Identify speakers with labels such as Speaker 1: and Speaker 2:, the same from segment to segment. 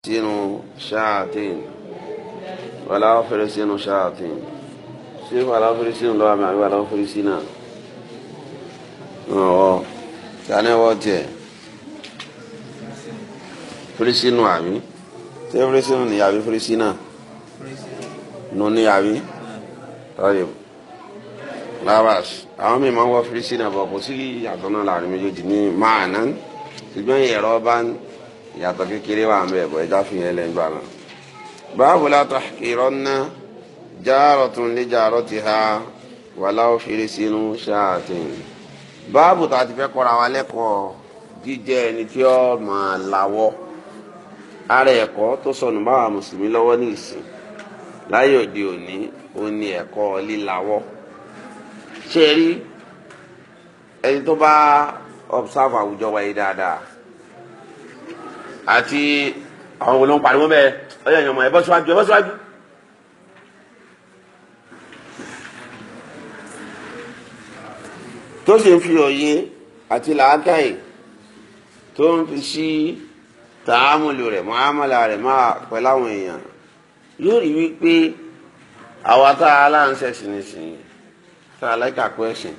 Speaker 1: sinu shaatin wala fere sinu shaatin si wala fere sinu lọ àmì àbí wala fere sinu ọ tani wọ tiẹ fere sinu àbí tẹ fere sinu ni àbí fere sinu nu ni àbí ọyọ labas àwọn mi máa ń wọ fere sinu bọ kò sí yàtọ̀ náà láàrin méjèèjì ní máa nán ṣùgbọ́n ẹ̀rọ bá ń ìyàtọ̀ kékeré wà ń bẹ̀ bọ̀ ẹja fi yẹn lẹ́nu báwọn. báwo la tahqiranna jaratun li jaratiha walau firisinu shaatin. báàbù tó a ti fẹ́ kọ́ra wa lẹ́kọ̀ọ́ jíjẹ́ ẹni tí ó máa lawọ́ ara ẹ̀kọ́ tó sọnù báwa mùsùlùmí lọ́wọ́ ní ìsìn láyé òde òní ó ẹ̀kọ́ lílawọ́ ṣe rí ẹni tó bá observe àwùjọ wa dáadáa àti àwọn wo ló ń pariwo bẹ́ẹ̀ ọyọ ìyọmọ ẹ bọ́ síwájú ẹ bọ́ síwájú. tó sì ń fi òye àti làákàyè tó ń fi sí tààmùlù rẹ̀ mọ́àmàlà rẹ̀ máa pẹ̀lú àwọn èèyàn yóò rí wípé àwa tá a láǹṣẹ̀ sìnìsìn tá a láìka kó ẹ̀sìn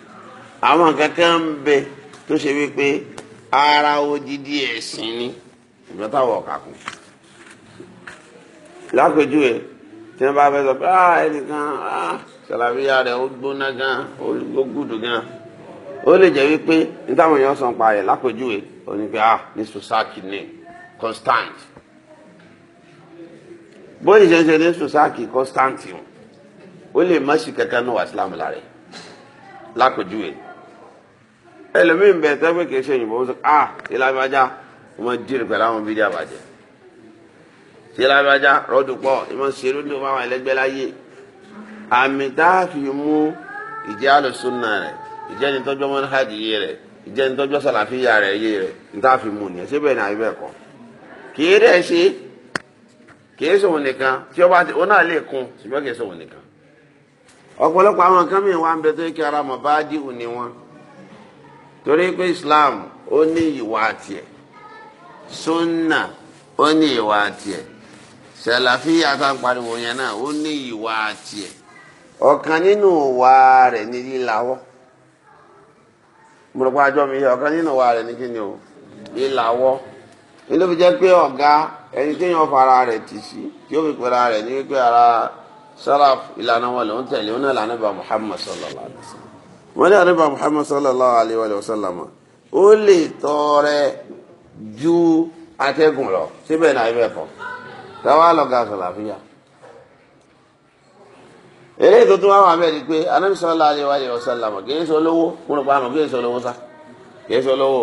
Speaker 1: àwọn kankan ń bẹ tó ṣe wípé ara odidi ẹ̀sìn ni ìgbọ́n táwọn ọ̀kà kù. lápèjúwe tí wọ́n bá fẹ́ sọ pé ah ẹnìkan ah sàlàbíyà rẹ̀ ó gbóná gan ó gùdù gan ó lè jẹ́ wípé ní táwọn èèyàn sọ pa rẹ̀ lápèjúwe ó ní pé ah ní sùsáàkì ni constant bó ṣe ṣe ní sùsáàkì constant wọn ó lè má sí kankan náà wà sílámù lára rẹ̀ lápèjúwe ẹlòmíín bẹ tẹ́gbẹ́ kìí ṣe òyìnbó ó sọ ah ìlànà ajá. máa dìrì pẹ̀lú àwọn bídí àbàjẹ́ ṣé lábájá rọ́dùn pọ̀ ìmọ̀ ṣerú ní àwọn láyé àmì tá a fi mú ìjẹ́ àlùsùnà rẹ̀ ìjẹ́ ní ọmọ náà hàdìyẹ rẹ̀ ìjẹ́ ní sàlàfíà rẹ̀ yé rẹ̀ fi mú nìyẹn ṣé ni kọ́ kì í ṣe kìí sòwò nìkan tí ó bá ti ó náà lè kún ṣùgbọ́n kìí sòwò nìkan. ọ̀pọ̀lọpọ̀ àwọn ni wọn. torí pé Islam ó ní sunna ó ní ìwà tiẹ̀ sàlàfíà tá a pariwo yẹn náà ó ní ìwà tiẹ̀ ọ̀kan nínú ìwà rẹ̀ ní líláwọ́ mo rò pé àjọ mi yẹ ọ̀kan nínú ìwà rẹ̀ ní kí ni o líláwọ́ ilé fi jẹ́ pé ọ̀gá ẹni téèyàn fara rẹ̀ tì sí ó fi ara ìlànà wọn lòún tẹ̀lé náà lànà bá ju atẹ́gùn lọ síbẹ̀ náà ibẹ̀ kọ́ táwa lọ́gà sàlàfíà eré tuntun wa wà bẹ́ẹ̀ ni pé Ànábì sallallahu alaihi wa sallam kì í ṣe olówó kúròpá àmọ́ kì í ṣe olówó sá kì í ṣe olówó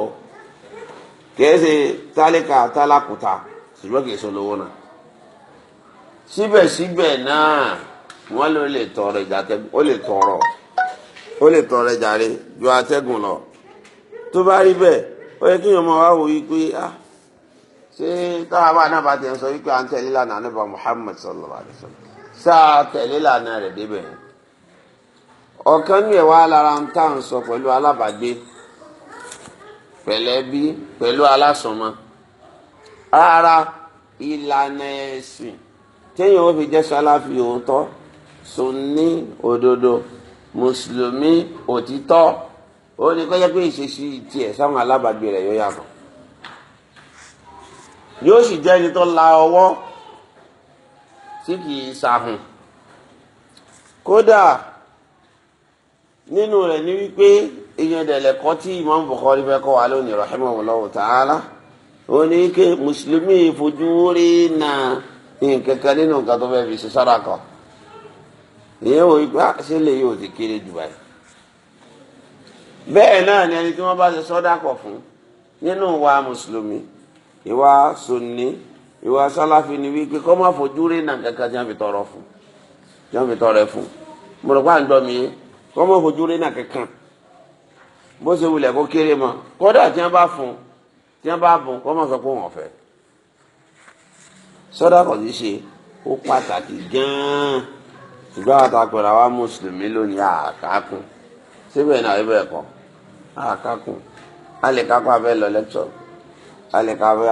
Speaker 1: kì í ṣe tálíkà tálákùtà ṣùgbọ́n kì í ṣe olówó náà síbẹ̀síbẹ̀ náà wọ́n ló lè tọrọ ìjà atẹ́gùn ó lè tọrọ ó lè tọrọ ìjà rẹ̀ ju atẹ́gùn lọ tó bá rí bẹ́ẹ̀ ó yẹ kí ọmọ wa wò yí pé ah ṣé táwa bá náà bá ti ń sọ wípé à ń tẹ̀lé lànà sọlọ Muhammad saa alaihi na sáà tẹ̀lé lànà rẹ̀ débẹ̀ ọ̀kan ní ẹ̀wà lára ń tà ń sọ pẹ̀lú alábàgbé pẹ̀lẹ́bí pẹ̀lú alásùnmọ́ rárá ìlànà ẹ̀sìn téèyàn fi jẹ́ sàláfì òótọ́ sunni òdodo mùsùlùmí òtítọ́ ó ní kọjá pé ìṣesí tiẹ̀ sáwọn alábàgbé rẹ̀ yóò yàtọ̀ yóò sì jẹ́ ẹni tó la ọwọ́ tí kì í sahun kódà nínú rẹ̀ ni wípé ìyẹn dẹ̀lẹ̀kọ́ tí Imam Bukhari fẹ́ kọ́ wa lónìí rahimahullahu ta'ala ó ní ké mùsùlùmí fojú rí na nǹkan kan nínú nǹkan tó fẹ́ fi ṣe sára kan ìyẹn wò ó pé ah, ṣé lè yóò ti kéré jù bẹ́ẹ̀ náà ni ẹni tí wọ́n bá ṣe pọ̀ fún nínú wa sunni ìwà ni wípé kọ́ máa fojú rí nà kankan fi tọrọ fún tí fi tọrọ fún mo rò pé à ń dọ́ yé kọ́ máa fojú rí nà kankan bó ṣe wulẹ̀ kó kéré mọ́ kódà tí wọ́n bá fún tí wọ́n bá bùn kọ́ máa sọ pé wọ́n fẹ́ sọ́dá pọ̀ sí ṣe ó pàtàkì gan-an ṣùgbọ́n àtàkùn àkàkùn alẹ́ kakọ abẹ́ lọ lẹ́kṣọ̀ alẹ́ kakọ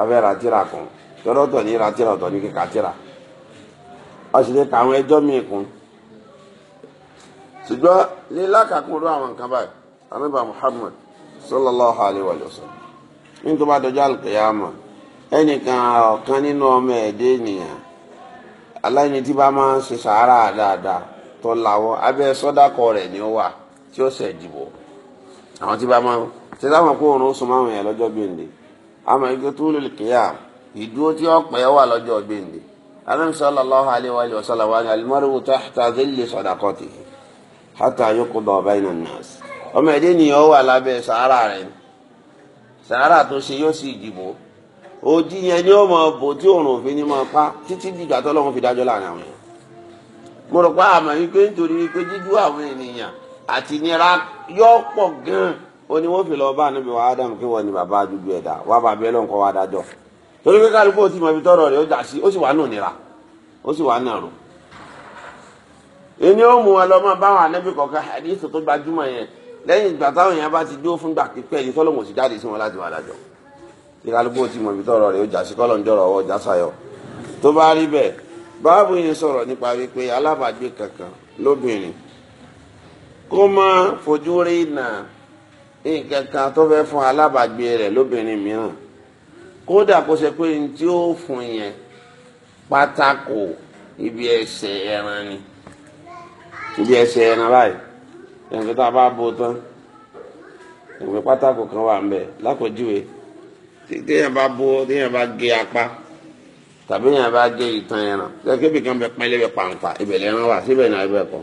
Speaker 1: abẹ́ ratira kùn tọ́lọ́ tọ̀ ní ratira ọ̀tọ̀ ní kíkatira ọ̀sìlẹ̀ kàwọn ẹjọ́ mi kún ṣùgbọ́n lílákàkùn ló àwọn nǹkan báyìí anábà Muhammad sallallahu alayhi wa sallam nítorí bá dọjọ́ ẹnìkan ọ̀kan nínú ọmọ ẹ̀dẹ́ ènìyàn aláìní tí bá máa ń ṣe sàárà dáadáa tó ni ó wà tí ó ṣẹ̀ dìbò àwọn tí bá máa ṣe táwọn kó oorun sùn máwọn yẹn lọ́jọ́ gbèǹde àmọ́ igi tó lè kíyà ìdúró tí ọ̀pẹ́ wà lọ́jọ́ gbèǹde anam sallallahu alayhi wa sallam wa ni alimaru tahta dhilli sadaqatihi hatta yuqda bayna an-nas ọmọ nìyẹn wà lábẹ́ sàárà sàárà tó ṣe yóò sì dìbò ojú yẹn ni ó mọ bò tí òrùn òfin ni máa pa títí dìgbà tó lọ́wọ́ fi dájọ́ láàrin àwọn mo rò pé àmọ́ àti nira yọ pọ̀ gan oní wọ́n fi lọ bá níbi wàá dànù kí wọ́n ní bàbá dúdú ẹ̀dá wà bàbá ẹ̀ lọ́nkọ́ wàá dájọ́ torí pé kálukú ti mọ̀ ibi tọ́rọ̀ rẹ̀ ó dà sí ó sì wà nù nira ó sì wà nàró ìní ó mú wọn lọ mọ báwọn anẹ́bí kọ̀ọ̀kan àdìsí tó gbajúmọ̀ yẹn lẹ́yìn ìgbà táwọn èèyàn bá ti dúró fún gbà pípẹ́ yìí tọ́lọ́mù sì jáde sí wọn láti wà lájọ́ tí kálukú ti mọ̀ ibi tọ́rọ̀ rẹ̀ ó jà sí kọ́lọ̀ ń kó má fojú rí nà nǹkan kan tó fẹ́ fún alábàgbé rẹ̀ lóbìnrin mìíràn kódà kó ṣe pé ní tí ó fún yẹn pátákó ibi ẹsẹ̀ ẹran ni ibi ẹsẹ̀ ẹran báyìí ẹnìkan tá a bá bo tán ìwé pátákó kan wà ńbẹ̀ lákòjúwe téèyàn bá bo téèyàn bá gé apá tàbí téèyàn bá gé ìtàn ẹran kébì kan bẹ pẹ́lẹ́ bẹ pàǹpà ibẹ̀ lẹ́ran wà síbẹ̀ náà ibẹ̀ kọ́.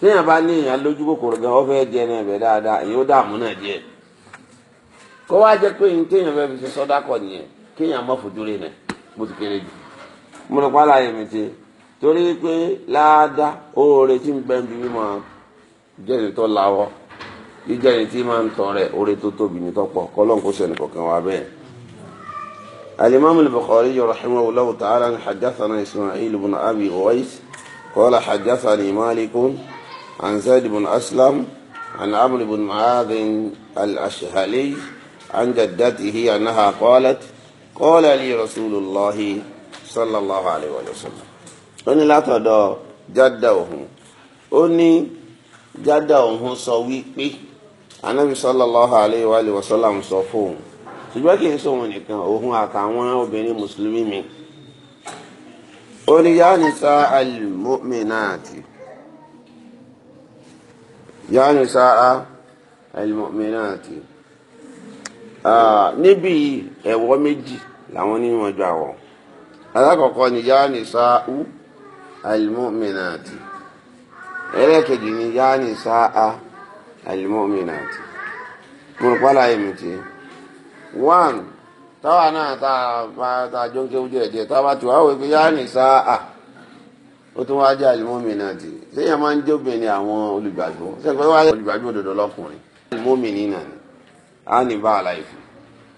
Speaker 1: téèyàn bá ní èèyàn lójú kòkòrò gan ọ fẹ́ jẹ náà bẹ̀ dáadáa èyí ó dààmú náà jẹ kó wá jẹ pé ní téèyàn fẹ́ fi ṣe sọ́dá kọ̀ nìyẹn kéèyàn mọ́ fojú rí náà mo ti kéré jù mo lọ pa láàyè mi ti torí pé láàdá oore tí ń bẹ ń bí mímọ jẹni tó lawọ jíjẹni tí máa ń tàn rẹ oore tó tóbi ní tọpọ kọlọ́n kó sẹ́ni kọ̀ọ̀kan wá bẹ́ẹ̀. الإمام البخاري رحمه الله تعالى حدثنا إسماعيل بن أبي غويس قال حدثني مالك عن زيد بن أسلم عن عمرو بن معاذ الأشهلي عن جدته أنها قالت قال لي رسول الله صلى الله عليه وسلم ó ní látọ̀dọ̀ jáda òhun ó ní jáda òhun sọ wípé anabi sallallahu alayhi wa alayhi wa sallam sọ fóun ṣùgbọ́n kì í sóhun nìkan òhun àtàwọn obìnrin mùsùlùmí mi ó ní yá nisa al-mu'minati yá nisaa al-mu'minati níbi ẹ̀wọ́ méjì làwọn onímọ̀ gbà wọ̀ alákọ̀ọ́kọ́ ni yá nisaa al-mu'minati ẹlẹ́kẹ̀jì ni yá nisaa al-mu'minati mọ̀rọ̀pálá ẹ̀mí tí one táwa náà tá a jọ ń kéwú díẹ̀ díẹ̀ táwa tí wàá wọ̀ pé yá nisaa. ó tún wáá ti sẹ́yìn máa ń jẹ́ àwọn olùgbàgbọ́ sẹ́yìn pé wáá jẹ́ olùgbàgbọ́ òdodo lọ́kùnrin àlùmọ́mì ni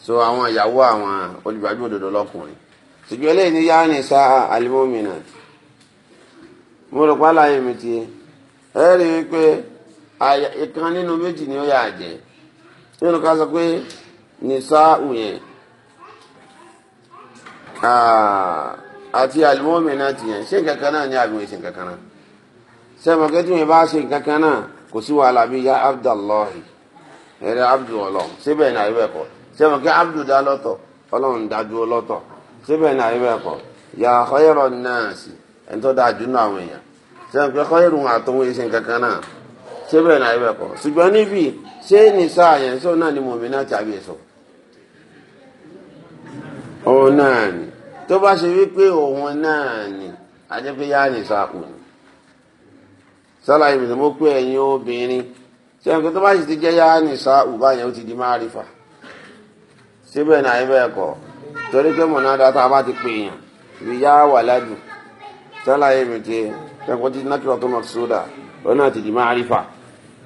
Speaker 1: so àwọn ìyàwó àwọn olùgbàgbọ́ òdodo lọ́kùnrin ṣùgbọ́n ni sá àlùmọ́mì náà mo rò pé àlàyé mi ti ẹ rí i pé ìkan nínú méjì ni ó yà jẹ nínú ká sọ pé ní sáà àti àlùmọ́mìnàtì yẹn ṣé nǹkan kan náà ní àbí wọn ṣe nǹkan kan náà sẹ́mi kẹ́tù yẹn bá ṣe nǹkan kan náà kò sí wàhálà bí ya abdullahi ẹ̀rẹ́ abdu ọlọ́run síbẹ̀ ní àyè bẹ́ẹ̀ kọ́ sẹ́mi kẹ́ abdu dá lọ́tọ̀ ọlọ́run dájú lọ́tọ̀ síbẹ̀ ní àyè bẹ́ẹ̀ kọ́ ya khayra nnaasi ẹni tó sẹ́mi kẹ́ khayrun ṣe nǹkan kan náà síbẹ̀ ní àyè ṣùgbọ́n níbi ṣé ní sáà yẹn sọ náà ni mùmínà tàbí èso. ó náà ni tó bá ṣe wípé òun náà ni ajẹ́pẹ́yà ni sàkù ni sálàyé mi mo pé ẹ̀yin obìnrin ṣé nǹkan tó bá sì ti jẹ́ yá ni sàkù báyẹn ó ti di máa rí fà síbẹ̀ náà ẹ bẹ́ẹ̀ kọ́ torí pé mọ̀nàdá tá a bá ti pè yàn ibi yá wà ládùn sálàyé mi ti ẹ̀kọ́ ti nákìlọ̀ tó mọ̀ sódà òun náà ti di máa rí fà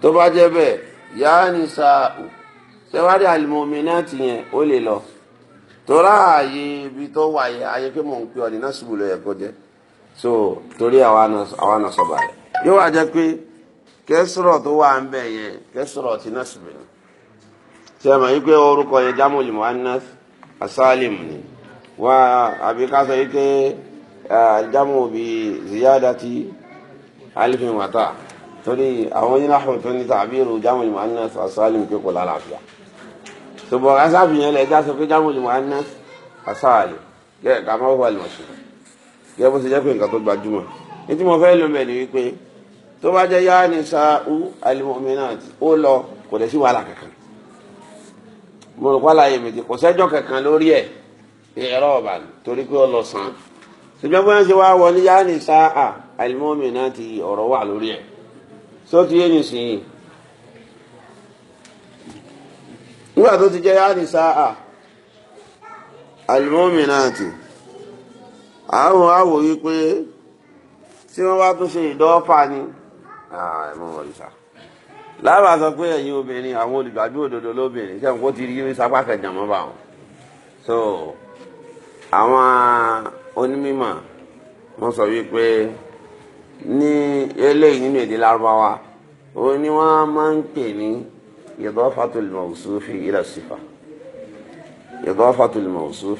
Speaker 1: tó bá jẹ́ bẹ́ẹ̀ yá ni sàkù ṣé wá náà ti yẹn ó lè lọ. torá ààyè ibi tó wà yẹ ayé pé mò ń pe ọ̀nì lọ yẹ kó jẹ so torí àwa náà sọba rẹ yóò wá jẹ pé kẹsùrọ̀ tó wà ń ti náà ṣubú yẹn ṣe mọ̀ yí pé orúkọ yẹn jámọ̀lì muhannas asálìm ni wá àbí ká sọ yí pé jámọ̀ bí ziyadati alifin wata torí àwọn yìí náà tó ní tàbí lálàáfíà. ṣùgbọ́n asáfihàn lẹ̀ já sọ pé jáwọ́ ni wàá ná asáàlì gẹ́gẹ́ ká má wà lọ́sù gẹ́gẹ́ bó ṣe jẹ́ pé nǹkan tó gbajúmọ̀ ní tí mo fẹ́ lò mẹ́ ni wípé tó bá jẹ́ yáa ní sáú alimọ̀mí náà ó lọ kò lè sí wàhálà kankan mo rò pálá yẹn méjì kò sẹ́jọ́ kankan lórí ẹ̀ ẹ̀rọ ọ̀bà torí pé ó lọ sàn ṣùgbọ́n bóyá ṣe wá wọ ní yáa ní sáà alimọ̀mí náà ti ọ̀rọ̀ wà lórí ẹ̀ sótú yé nìsín yìí nígbà tó ti jẹ́ yáàdì sáà alimọ́mìnàtì àwọn àwò yìí pé tí wọ́n bá tún ṣe ìdọ́fà ni ẹ̀mọ́ ọ̀rìṣà lára sọ pé ẹ̀yin obìnrin àwọn olùgbàdú òdodo lóbìnrin tẹ̀ ń kó ti rí ní sapá kẹjà mọ́ bá wọn so àwọn onímọ̀ wọ́n sọ wípé ní eléyìí nínú èdè lárúbáwá ó ní wọ́n máa ń pè ní إضافة الموصوف إلى الصفة إضافة الموصوف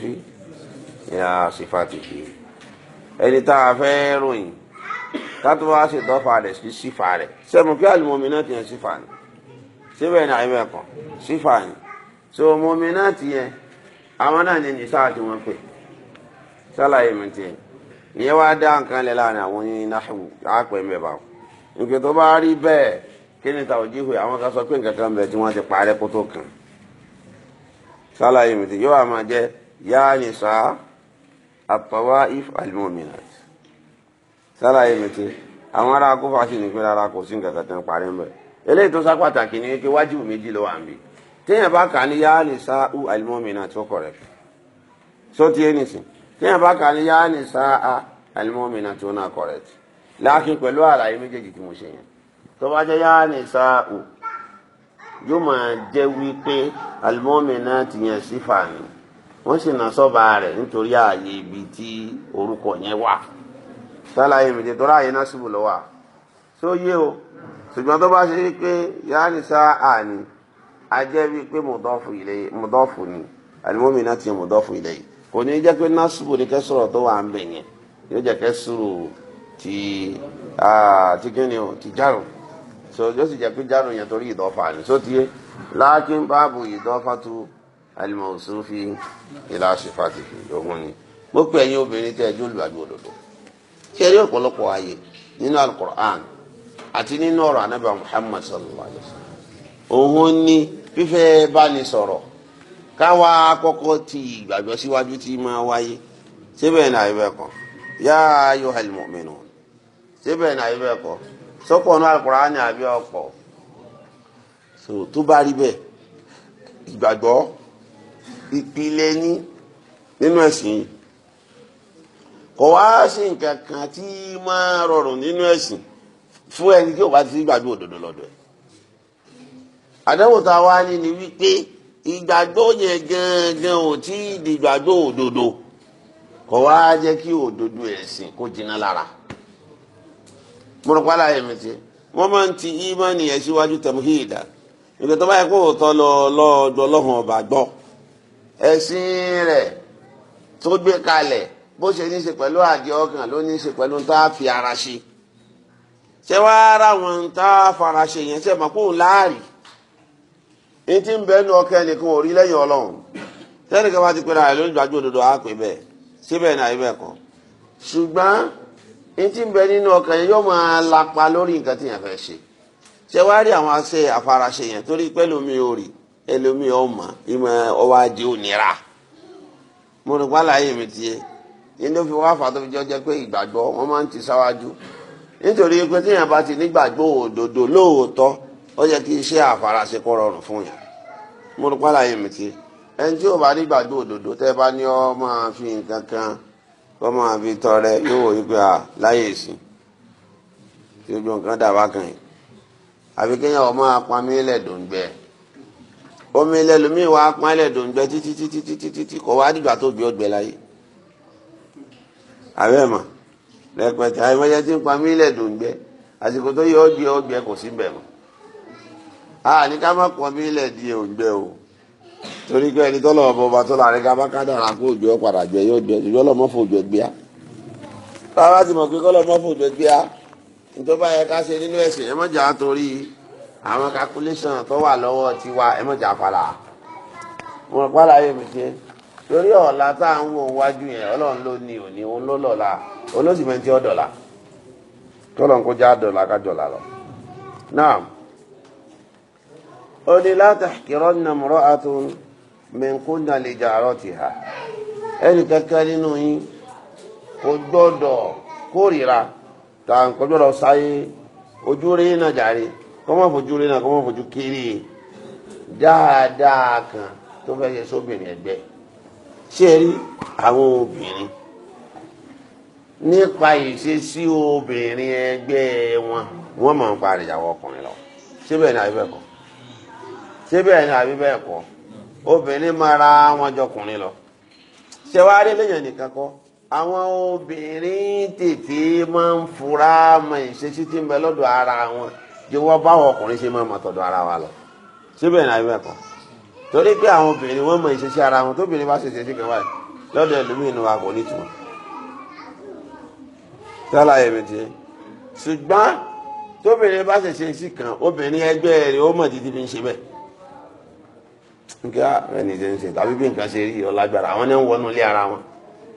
Speaker 1: إلى صفاته ẹni tá a fẹ́ ròyìn tátó wá sí ìdọ́fà rẹ̀ sí sífà rẹ̀ sẹ́mu kí àlùmọ́mí náà ti yẹn sífà ni síbẹ̀ ní àyẹ̀wò ẹ̀kọ́ sífà ni so mọ́mí náà ti yẹn àwọn náà ní nìṣá tí wọ́n pè sálàyé mi tiẹ̀ ìyẹn wá dá nǹkan lẹ̀ láàrin àwọn yìnyín náà àpè mẹ́bàá nígbà tó bá rí bẹ́ẹ̀ kí ni tàwọn jíhù àwọn kan sọ pé nǹkan kan bẹ̀ tí wọ́n ti parẹ́ kó tó kàn sálàyé mi ti yóò wá máa jẹ́ yáa ní sáà àtọwá if alimominat sálàyé mi ti àwọn ará akófà sì ní pé rárá kò sí nǹkan kan tó ń parẹ́ mbẹ́ eléyìí tó sá pàtàkì ni pé wájú méjì ló wà ń bì téèyàn bá kà ní yáa ní sáà u alimominat ó kọ̀ rẹ̀ sóti ẹni sìn téèyàn bá kà ní yáa ní sáà alimominat ó náà kọ̀ rẹ̀ láàkín pẹ̀lú àlàyé méjèèjì tí mo ṣe yẹn. tó bá jẹ́ yá nìsa ò yóò máa jẹ́ wípé alimọ́mìnà ti yẹn sífà ni wọ́n sì nà sọ́ba rẹ̀ nítorí ààyè ibi tí orúkọ yẹn wà sálàyé mi tètè ráàyè náà síbò lọ́wọ́ o ṣùgbọ́n tó bá ṣe rí pé a wípé mọ̀dọ́fù ni alimọ́mìnà ti yẹn mọ̀dọ́fù ilẹ̀ yìí kò ní jẹ́ pé ní tó wà ń bẹ̀ yẹn yóò so yóò sì jẹ́ pé jáàrò yẹn torí ìdọ́fà so tiye láàkín báàbò ìdọ́fà tu alimọ̀sùn fi ìlà ṣèfàtì fi ògùn ni mo pè ẹ̀yin obìnrin tẹ́ ẹjọ́ olùwàgbé òdòdó kí ẹ rí ọ̀pọ̀lọpọ̀ ààyè nínú alukur'an àti nínú ọ̀rọ̀ anábà muhammad sallallahu alayhi wa sallam òun ni fífẹ́ báni sọ̀rọ̀ káwa kọ́kọ́ ti ìgbàgbọ́ síwájú tí máa wáyé síbẹ̀ ní àyè bẹ́ẹ̀ kọ́ yáa ayọ̀ alimọ̀mìnà síbẹ̀ ní àyè bẹ́ẹ̀ sọ́pọ̀ ọ̀nà alukurani àbí ọ̀pọ̀ so tó bá rí bẹ́ẹ̀ ìgbàgbọ́ ìpìlẹ̀ ní nínú ẹ̀sìn yìí kò wá sí nǹkan kan tí máa rọrùn nínú ẹ̀sìn fún ẹni tí ò bá ti gbàgbọ́ òdodo lọ́dọ̀ ẹ̀ àdéhùn tá a wá ní ni wípé ìgbàgbọ́ yẹn gangan ò tí ì di ìgbàgbọ́ òdodo kò wá jẹ́ kí òdodo ẹ̀sìn kó jiná lára. mo rò pálá yẹn mi ti wọ́n máa ń ti ìmánì yẹn síwájú tẹ̀mùhídà nígbà tó bá yẹ ọba gbọ. ẹ̀sìn rẹ̀ tó gbé kalẹ̀ bó ṣe ní í ṣe pẹ̀lú àdìẹ ọkàn ló ní í ṣe pẹ̀lú tá a fi ara ṣe ṣé wàá ara wọn tá a fara ṣe yẹn ṣe mọ̀ kó láàrì ní ti ń bẹ́ẹ̀ nu ọkàn nìkan ò rí lẹ́yìn ọlọ́run tẹ́nìkan bá ti òdodo náà ntí ń bẹ nínú ọkàn yẹn yóò máa lapa lórí nǹkan tí yẹn fẹ́ ṣe ṣe wá rí àwọn àṣẹ àfaraṣe yẹn torí pé lómi ò rí ẹlòmí ọmọ ìmọ̀ ọwọ́ adé òníra mo rò pa láàyè mi tiẹ̀ yẹn ló fi wá fà tó fi jọ jẹ́ pé ìgbàgbọ́ wọn máa ń ti sáwájú nítorí pé téèyàn bá ti nígbàgbọ́ òdodo lóòótọ́ ó yẹ kí iṣẹ́ àfaraṣe kó rọrùn fún yẹn mo rò pa láàyè mi tiẹ̀ ẹni tí ò bá nígbàgbọ́ òdodo tẹ́ bá ní ọ máa fi nǹkan kan kọ́ máa fi tọrẹ yóò wò wípé à láyè sí tí ojú nǹkan dàbá kan yìí àfi kéèyàn ọmọ apamí lẹ́dọ̀ǹgbẹ omi lẹ́lòmíì wá apamí lẹ́dọ̀ǹgbẹ títí títí títí títí kò wá dìgbà tó gbé ọgbẹ láyé àbẹ́ mọ̀ lẹ́pẹ̀tẹ̀ àìmọ́jẹ́ tí ń pamí àsìkò tó yẹ ọgbẹ ọgbẹ kò sí bẹ̀ mọ́ àní ká má o. torí pé ẹni tọ́lọ̀ ọ̀bọ̀ ọba tọ́lọ̀ àrẹ́ká bá ká dára kó òjò padà jẹ yóò jẹ ìjọ lọ́mọ fòjò gbé a rárá ti mọ̀ pé kọ́ lọ́mọ fòjò gbé a nítorí báyẹn ká ṣe nínú ẹ̀sìn ẹ mọ̀jà torí àwọn calculation tó wà lọ́wọ́ tiwa ẹ mọ̀jà fara mo rọ̀ pàdà yé mi ṣe torí ọ̀la tá à ń wò wájú yẹn ọlọ́run ló ní òní òun ló lọ́la olóṣìmẹ́ntì ọ̀dọ̀la tọ́lọ̀ ń kó já dọ̀la ká dọ̀la lọ náà ó ní látàkìrọ́nà mọ́rọ́ àtún mẹ́kúnnà lè jà àárọ̀ ti hà ẹnì kankan nínú yín kò gbọ́dọ̀ kórìíra tà ń kọjọ́dọ̀ sáyé ojú rí náà jàre kọ́mọ́ fojú rí náà kọ́mọ́ fojú kiri dáadáa kan tó fẹ́ ṣe sóbìnrin ẹgbẹ́ ṣé rí àwọn obìnrin nípa ìṣesí obìnrin ẹgbẹ́ wọn wọ́n máa ń parí ìyàwó ọkùnrin lọ síbẹ̀ ní àyẹ̀bẹ̀ kan ṣé bẹ́ẹ̀ ni àbí bẹ́ẹ̀ kọ́ obìnrin máa ra wọn jọkùnrin lọ ṣé wàá rí lẹ́yìn nìkan kọ́ àwọn obìnrin tètè máa ń fura mọ ìṣesí tí ń bẹ lọ́dọ̀ ara wọn jẹ́ wọ́n báwọn ọkùnrin ṣe máa mọ̀ tọ̀dọ̀ ara wa lọ ṣé bẹ́ẹ̀ ni àbí bẹ́ẹ̀ kọ́ torí pé àwọn obìnrin wọ́n mọ ìṣesí ara wọn tóbìnrin bá ṣèṣe sí kan wáyé lọ́dọ̀ ẹlòmíì ni wa kò ní tùmọ̀ tọ́lá yẹmi tiẹ̀ ṣùgbọ́n tóbìnrin bá ṣèṣe sí kan obìnrin ẹgbẹ́ rẹ̀ ó mọ̀ títí fi ń ṣe bẹ́ẹ̀ nkí á ẹni ṣe ń ṣe tàbí bí nǹkan ṣe rí ọlágbára àwọn náà ń wọnú ilé ara wọn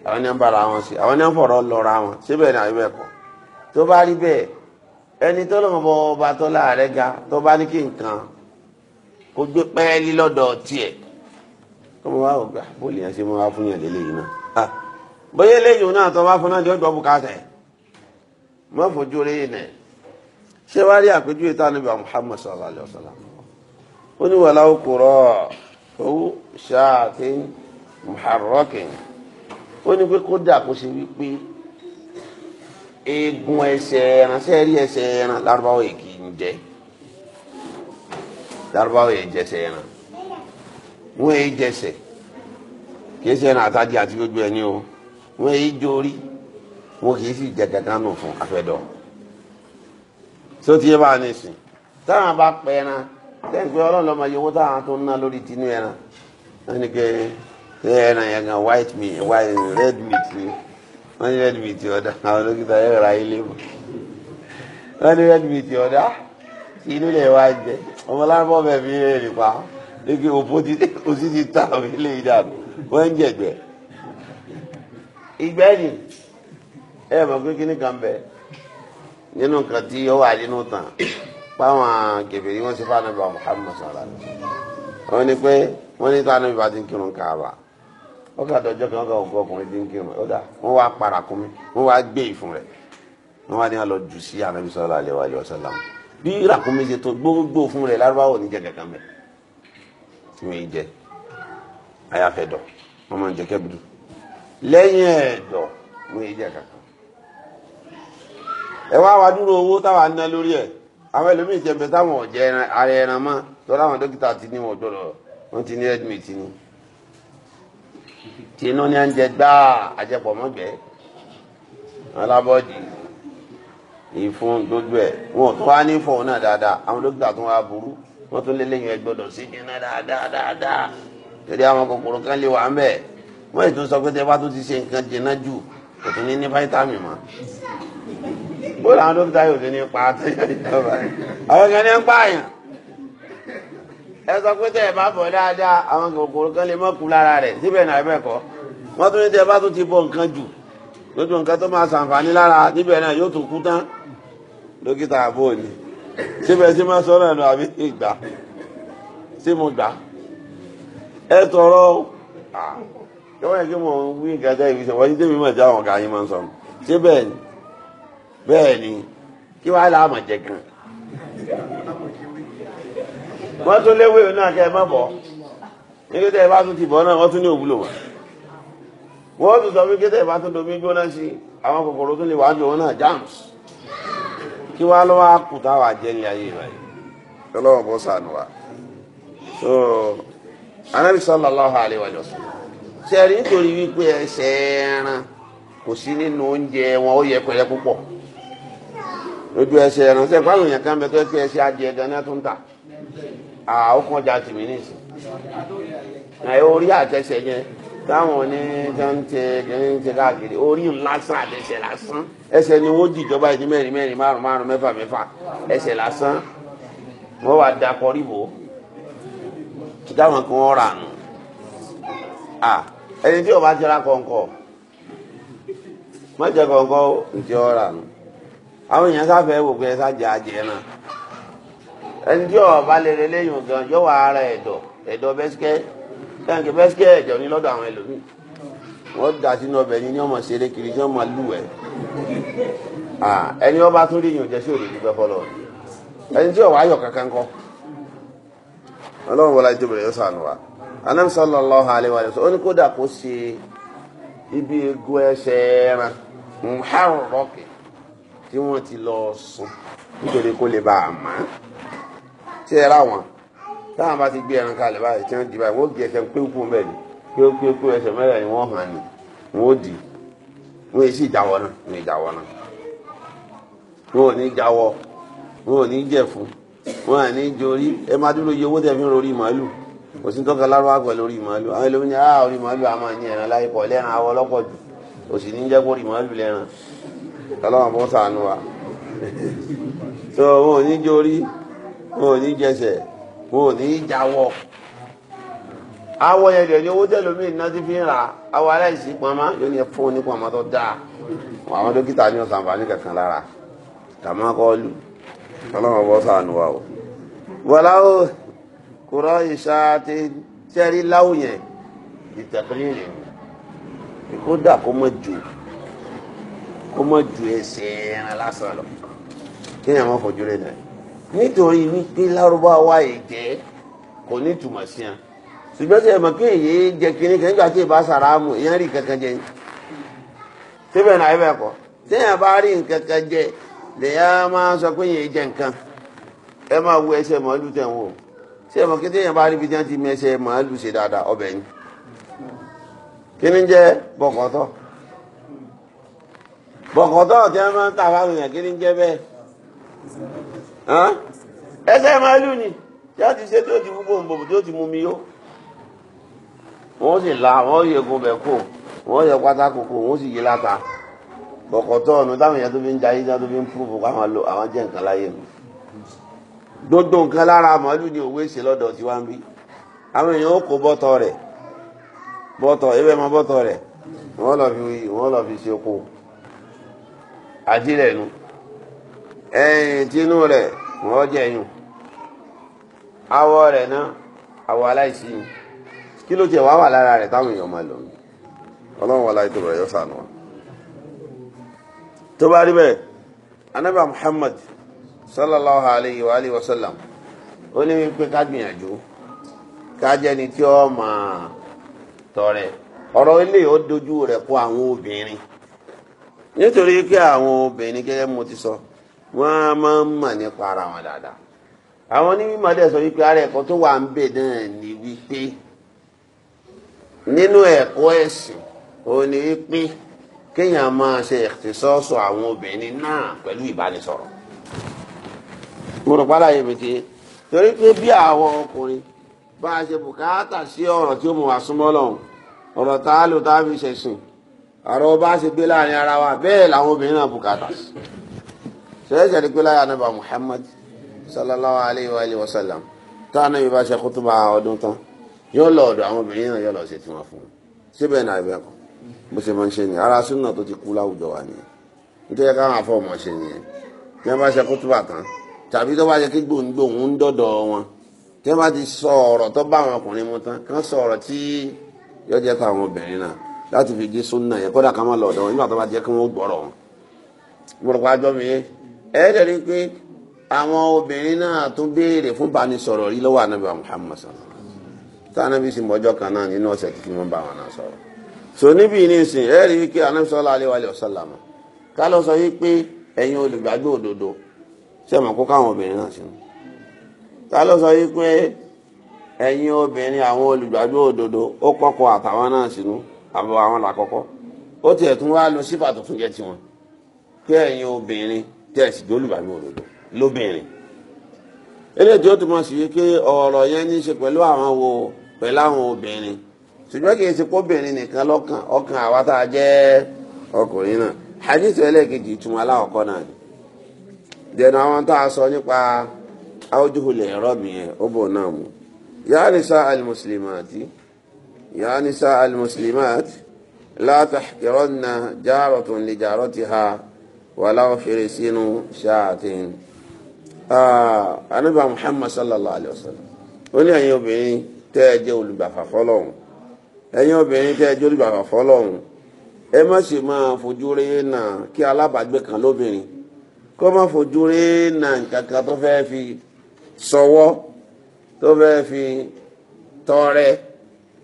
Speaker 1: àwọn náà ń bára wọn ṣe àwọn náà ń fọ̀rọ̀ lọ́ra wọn síbẹ̀ ní àbíbẹ̀ kọ́ tó bá rí bẹ́ẹ̀ ẹni tó lọ́mọ bọ ọba tó láàrẹ̀ ga tó bá ní kí nǹkan kó gbé pẹ́ẹ́lí lọ́dọ̀ tiẹ̀ kó mo wá ògbà bóòlù yẹn ṣe mo wá fún yàn lélẹ́yìn náà bóyá eléyìí náà tó bá fún náà ni ó gbọ́ bùkátà ẹ̀ mọ́ fojú rí nẹ̀ ṣé wá rí ó ní wàlá òkúrọ̀ owó ṣáàtì muharrakin ó ní wípé eegun ẹsẹ̀ ẹran sẹ́ẹ̀rí ẹsẹ̀ ẹran lárúbáwò yìí kì í jẹ lárúbáwò yìí jẹsẹ ẹran wọn yìí jẹsẹ o fún lẹ́yìn pé ọlọ́run lọ́mọ yòówó táwọn tó ń ná lórí tinú ẹran wọ́n ní pé ẹran yẹn gan white meat white red meat wọ́n ní red meat ọ̀dà àwọn dókítà yẹn ra ilé mọ̀ wọ́n ní red meat ọ̀dà tí inú lè wá jẹ ọmọ lárúbọ̀ bẹ̀ fi rè nípa lókè òpó ti òsì ti ta àwọn ilé ìdààmú wọ́n ń jẹ̀gbẹ́ ìgbẹ́ ni ẹ mọ̀ pé kíní kan bẹ nínú nǹkan tí ó wà nínú tàn páwọn gèbèrè wọn ti fún anabi wa muhammad sallallahu alayhi wa sallam wọn ni pé wọn ní tó anabi wa ti ń kírun káàbà ó kà dọjọ́ kí wọn kà òkú ọkùnrin ti ń kírun ó dà wọn wá para kún mi wọn wá gbé ìfun rẹ̀ wọn wá ní wọn lọ jù sí anabi sallallahu alayhi wa sallam bí ràkúnmí ṣe tó gbogbo fún rẹ̀ lárúbáwò ní jẹ kankan mẹ tí wọn yìí jẹ àyàfẹ dọ wọn máa ń jẹ kẹbùdù lẹ́yìn ẹdọ wọn yìí jẹ kankan ẹ wá wá dúró owó táwa ń ná lórí ẹ àwọn ẹlòmíì jẹ́ bẹ́ẹ̀ táwọn ọ̀jẹ̀ ara ẹran mọ́ tọ́lá àwọn dókítà ti ní wọn gbọ́dọ̀ wọ́n ti ní edmit ni tinú ni à ń jẹ gbáà àjẹpọ̀ mọ́gbẹ́ alábọ́ọ̀dì ìfún gbogbo ẹ̀ wọn tó wá ní fọ̀ọ́ náà dáadáa àwọn dókítà tó wá burú wọ́n tún lélẹ́yìn ẹ gbọ́dọ̀ sí jiná dáadáa dáadáa torí àwọn kòkòrò kan lè wà ń bẹ̀ wọ́n ètò sọ pé tẹ́ bá tó ti ṣe nǹkan jiná jù kò tún ní ní fáítámì mọ́ bó làwọn tó fi táyà òde ní pa àtẹ̀yàjọba àwọn kan ní ń pààyàn ẹ sọ pé tẹ ẹ bá bọ̀ dáadáa àwọn kòkòrò kan lè mọ́ kú lára rẹ̀ síbẹ̀ náà bẹ́ẹ̀ kọ́ wọ́n tún ní tẹ ẹ bá tún ti bọ̀ nǹkan jù lójú nǹkan tó máa ṣàǹfààní lára níbẹ̀ náà yóò tún kú tán dókítà àbò ni síbẹ̀ sí máa sọ̀rọ̀ ẹ̀nu àbí ìgbà sí mo gbà ẹ tọrọ yọwọ́ yẹn kí mo wí nǹkan tẹ́ ìfi wọ́n ti tẹ́ mọ̀ tí àwọn yín máa ń síbẹ̀ ni. bẹ́ẹ̀ ni kí wàá là á jẹ gan. wọ́n tún léwé náà ti bọ̀ náà wọ́n tún ní òwúlò wọ́n tún sọ wípé tẹ́ tún domi gbóná sí àwọn kòkòrò tún lè wá ju náà jams. kí lọ́wọ́ ní ayé rẹ̀ ọlọ́wọ́ bọ́ sànù wa. so anabi wípé kò sí nínú oúnjẹ wọn lójú ẹsẹ̀ ìránṣẹ́ fáwọn èèyàn kan bẹ́ẹ̀ tó ẹsẹ̀ ẹsẹ̀ adìẹ ganan tó ń tà àwọn kan já tìmí nìsí ẹ orí àtẹsẹ yẹn táwọn ní jẹńtẹ jẹńtẹ káàkiri orí lásán àtẹsẹ lásán ẹsẹ̀ ni wọn jìjọba ìdí mẹ́rin mẹ́rin márùn márùn mẹ́fà mẹ́fà ẹsẹ̀ lásán wọn wà da kọríbò táwọn kan rà nù à ẹni tí o bá jẹra kọ̀ǹkọ̀ má jẹ kọ̀ǹkọ̀ ntí ọ rà nù àwọn èèyàn sáfẹ́ wò pé ẹ sájà àjẹ náà ẹni tí ọba lè rẹ gan yóò wá ara ẹ̀dọ̀ ẹ̀dọ̀ bẹ́sikẹ́ kẹ́hìnkì bẹ́sikẹ́ ẹ̀dọ̀ ní lọ́dọ̀ àwọn ẹlòmíì wọ́n dà sínú ọbẹ̀ ni ní ọmọ ṣeré kiri ní ọmọ lù ẹ̀ ẹni ọba tún rí yìnyín jẹ́ sí òrìlú gbẹ́ fọlọ́ ẹni tí ọba ayọ̀ kankan kọ́ ọlọ́run wọlé ìjọba yóò sànù wa anam alayhi wa tí wọ́n ti lọ sùn nítorí kó lè bá a mọ̀ ṣé ẹ ráwọn táwọn bá ti gbé ẹran kalẹ̀ báyìí tí wọ́n di báyìí wọ́n gé ẹsẹ̀ pé kú bẹ́ẹ̀ ni pé ó pé kú ẹsẹ̀ mẹ́rẹ̀ ni wọ́n hàn ní wọ́n ó dì wọ́n èsì ìdáwọ́ náà ní ìdáwọ́ náà wọ́n ò ní jáwọ́ wọ́n ò ní jẹ̀fun wọ́n à ní jorí ẹ máa dúró iye owó tẹ̀ fi ń rori màálù kò sí tọ́ka lárúbá pẹ̀lú orí màálù àwọn ẹlòmíràn á ah, orí màálù àmọ́ ní ẹ̀ràn láyé pọ̀ lẹ́ran awọ lọ́pọ̀ jù òsì ní jẹ́ kó orí màálù lẹ́ran ọlọ́run bó sànú wa so wọn ò ní jórí wọn ò ní jẹsẹ̀ wọn ò ní jáwọ́ awọ yẹn lè ní owó tẹlomi iná ti fi ń ra awọ aláìsí pamá yóò ní ẹ fún ní pamá tó dáa àwọn dókítà ní ọ̀sán àǹfààní kankan lára kàmá kọ́ọ̀lù ọlọ́run bó sànú wa o wọláwó kúrọ́ ìṣá ti tẹ́rí láwùyẹn ìtẹ̀kùn yìí kó dà kó mọ̀ jù ó mọ̀ ju ẹsẹ̀ ẹran lásán lọ kí ni àwọn fojú rẹ̀ náà nítorí wípé lárúbáwá èjẹ́ kò ní ìtumọ̀ sí wọn ṣùgbọ́n sẹ́yìn mọ̀ kí èyí jẹ kínní kan nígbà tí ìbá sàrámù èèyàn rí kankan jẹ síbẹ̀ náà ibẹ̀ kọ́ sẹ́yìn bá rí nǹkan kan jẹ lèyà máa sọ pé èyí jẹ nǹkan ẹ máa wo ẹsẹ̀ màálù tẹ̀ wọ́n o sẹ́yìn mọ̀ kí sẹ́yìn bá rí ibi tí wọ́n ti mẹsẹ̀ màálù ṣe dáadáa ọbẹ̀ yín kí bọ̀kọ̀tọ̀ tí wọ́n máa ń ta fáwọn kiri kí ní jẹ́ bẹ́ẹ̀ ẹsẹ̀ màálù ni tí wọ́n ti ṣe tí ó ti púpọ̀ nbòbò tí ó ti mú mi yó wọ́n sì la wọ́n yẹ gun bẹ̀ kó wọ́n yẹ pátákó kó wọ́n sì yí láta bọ̀kọ̀tọ̀ ọ̀nà táwọn èèyàn tó fi ń jayé tó fi ń àti rẹ̀ nu ẹ̀yìn tinú rẹ̀ wọ́n jẹ̀yìn awọ rẹ̀ náà awọ aláìsí ni kí ló tiẹ̀ wá wà lára rẹ̀ táwọn èèyàn máa lò ní ọlọ́run wà láì tó rẹ̀ yọ sànù wa. tó bá rí bẹ́ẹ̀ anábà Muhammad sallallahu alayhi wa alihi wa sallam ó ní wípé ká gbìyànjú ká jẹ́ni tí ó máa tọrẹ ọ̀rọ̀ ilé ó dojú rẹ̀ kó àwọn obìnrin nítorí pé àwọn obìnrin gẹ́gẹ́ mo ti sọ wọ́n á máa ń mọ̀ nípa ara wọn dáadáa àwọn onímọ̀ dẹ̀ sọ wípé ara ẹ̀kọ́ tó wà ń bẹ náà ni wípé nínú ẹ̀kọ́ ẹ̀sìn ò ní wípé kéèyàn máa ṣe ìtìsọ́sọ àwọn obìnrin náà pẹ̀lú ìbánisọ̀rọ̀ mo rò pálá yẹn bìtì torí pé bí àwọn ọkùnrin bá a ṣe bùkátà sí ọ̀rọ̀ tí ó mú wa súnmọ́ lọ́hùn ọ̀rọ̀ tá a lò tá a fi ṣẹ̀sìn àrò bá ṣe gbé láàrin ara wa bẹ́ẹ̀ làwọn obìnrin náà bùkátà ṣẹ́ṣẹ́ ni pé láyà nàbà Muhammad sallallahu alayhi wa alayhi wa sallam tá àná yóò bá ṣe kútùbà ọdún tán yóò lọ ọ̀dọ̀ àwọn obìnrin náà yóò lọ ṣe tí wọ́n fún un síbẹ̀ náà ibẹ̀ kan bó ṣe máa ń ṣe ni ara súnà tó ti kú láwùjọ wa nìyẹn nítorí káwọn afọ́ọ̀mọ̀ ṣe nìyẹn tí wọ́n bá ṣe kútùbà tán tàbí tó bá ṣe kí gbòǹgbòǹ ń dọ̀dọ̀ láti fi jí súnà yẹn kódà ká má lọ ọ̀dọ̀ wọn nígbà tó bá jẹ́ kí wọ́n gbọ́rọ̀ wọn. gbọ́dọ̀pá jọ mi ẹ̀ẹ́dẹ̀ rí pé àwọn obìnrin náà tún béèrè fún ìbánisọ̀rọ̀ rí lọ́wọ́ ànábì Muhammad sallallahu alaihi wasallam tá ànábì sì mọ́jọ́ kan náà nínú ọ̀sẹ̀ tí wọ́n bá wọn náà sọ̀rọ̀. sọ níbi nísìn ẹ rí pé ànábì sallallahu alaihi wasallam ká lọ sọ yìí pé ẹ̀yin olùgbàgbọ́ òdodo ṣé mọ̀ kó káwọn obìnrin náà sínú. ká lọ sọ yìí pé ẹ̀yin obìnrin àwọn olùgbàgbọ́ òdodo ó kọ́kọ́ àtàwọn náà sínú àbọ̀ àwọn làkọ́kọ́ ó tiẹ̀ tún wá lọ sífà tó tún jẹ́ tiwọn kí ẹ̀yin obìnrin tẹ̀sí dólùbàmí òdodo lóbìnrin eléyìí tí ó túmọ̀ sí wípé ọ̀rọ̀ yẹn ní í ṣe pẹ̀lú àwọn wo pẹ̀lú àwọn obìnrin ṣùgbọ́n kì í ṣe kóbìnrin nìkan lọ́kàn ọkàn àwa tá a jẹ́ ọkùnrin náà hadith ẹlẹ́ẹ̀kejì ìtumọ̀ aláwọ̀kọ́ náà ni dẹ̀nà àwọn tá a sọ nípa awjúhulẹ̀ ẹ̀rọ mi yẹn ó bò náà mú yáa nisa al-muslimati. يا نساء المسلمات لا تحقرن جارة لجارتها ولو حرسين شاة آه أنبا محمد صلى الله عليه وسلم وني أن يبني تأجي لبقى خلون ẹ̀yin obìnrin tẹ́ ẹjọ́ ìgbàgbà fọlọ́run ẹ má sì máa fojú rí nà kí alábàágbé kan lóbìnrin kó má fojú rí nà nǹkan kan tó fẹ́ fi sọwọ́ tó fẹ́ fi tọrẹ.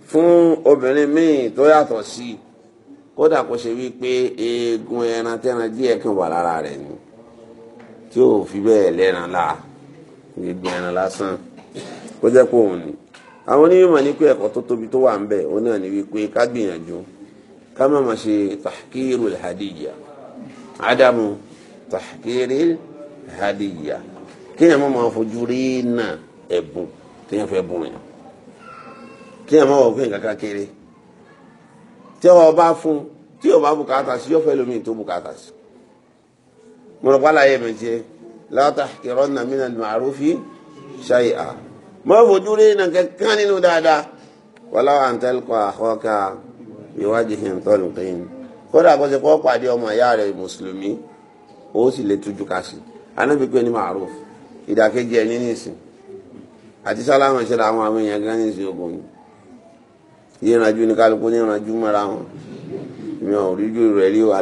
Speaker 1: fún obìnrin míì tó yàtọ̀ sí i kódà kó ṣe wípé eegun ẹran tẹ́ran díẹ̀ kan wà lára rẹ̀ ni tí ò fi bẹ́ẹ̀ lẹ́ran la eegun ẹran lásán kó jẹ́ pé òun ni àwọn onímọ̀ ní pé ẹ̀kọ́ tó tóbi tó wà ń bẹ̀ òun náà ni wípé ká gbìyànjú ká má máa ṣe tahkiru hadiya ádámù tahkiri hadiya kéèyàn má máa fojú rí náà ẹ̀bùn téèyàn fẹ́ bùn yẹn. kí ẹ má wọ pé nǹkan kan kéré tí ọ bá fún tí ọ bá bùkátà sí yọ fẹ́ lómi tó bùkátà sí mọ̀rọ̀pá láyé mi jẹ́ látà kẹrọ nà mí nà màrúfi ṣáyé à mọ́ fojú rí nà kankan nínú dáadáa wọlá wà ń tẹ́lẹ̀kọ́ àkọ́kà ìwádìí hìn tọ́lù kẹ́yìn kódà kó ṣe kọ́ pàdé ọmọ ìyá rẹ̀ mùsùlùmí ó sì lè tújú ká sí anábì pé ní ìdàkejì ẹ̀ ní nísìn àti sálámà ṣe làwọn àwọn èèyàn gan ìsìn ogun yìí ìrìnàjò ní kálukú ní ìrìnàjò mọ́ra wọn mi ò rí ju rẹ̀ rí o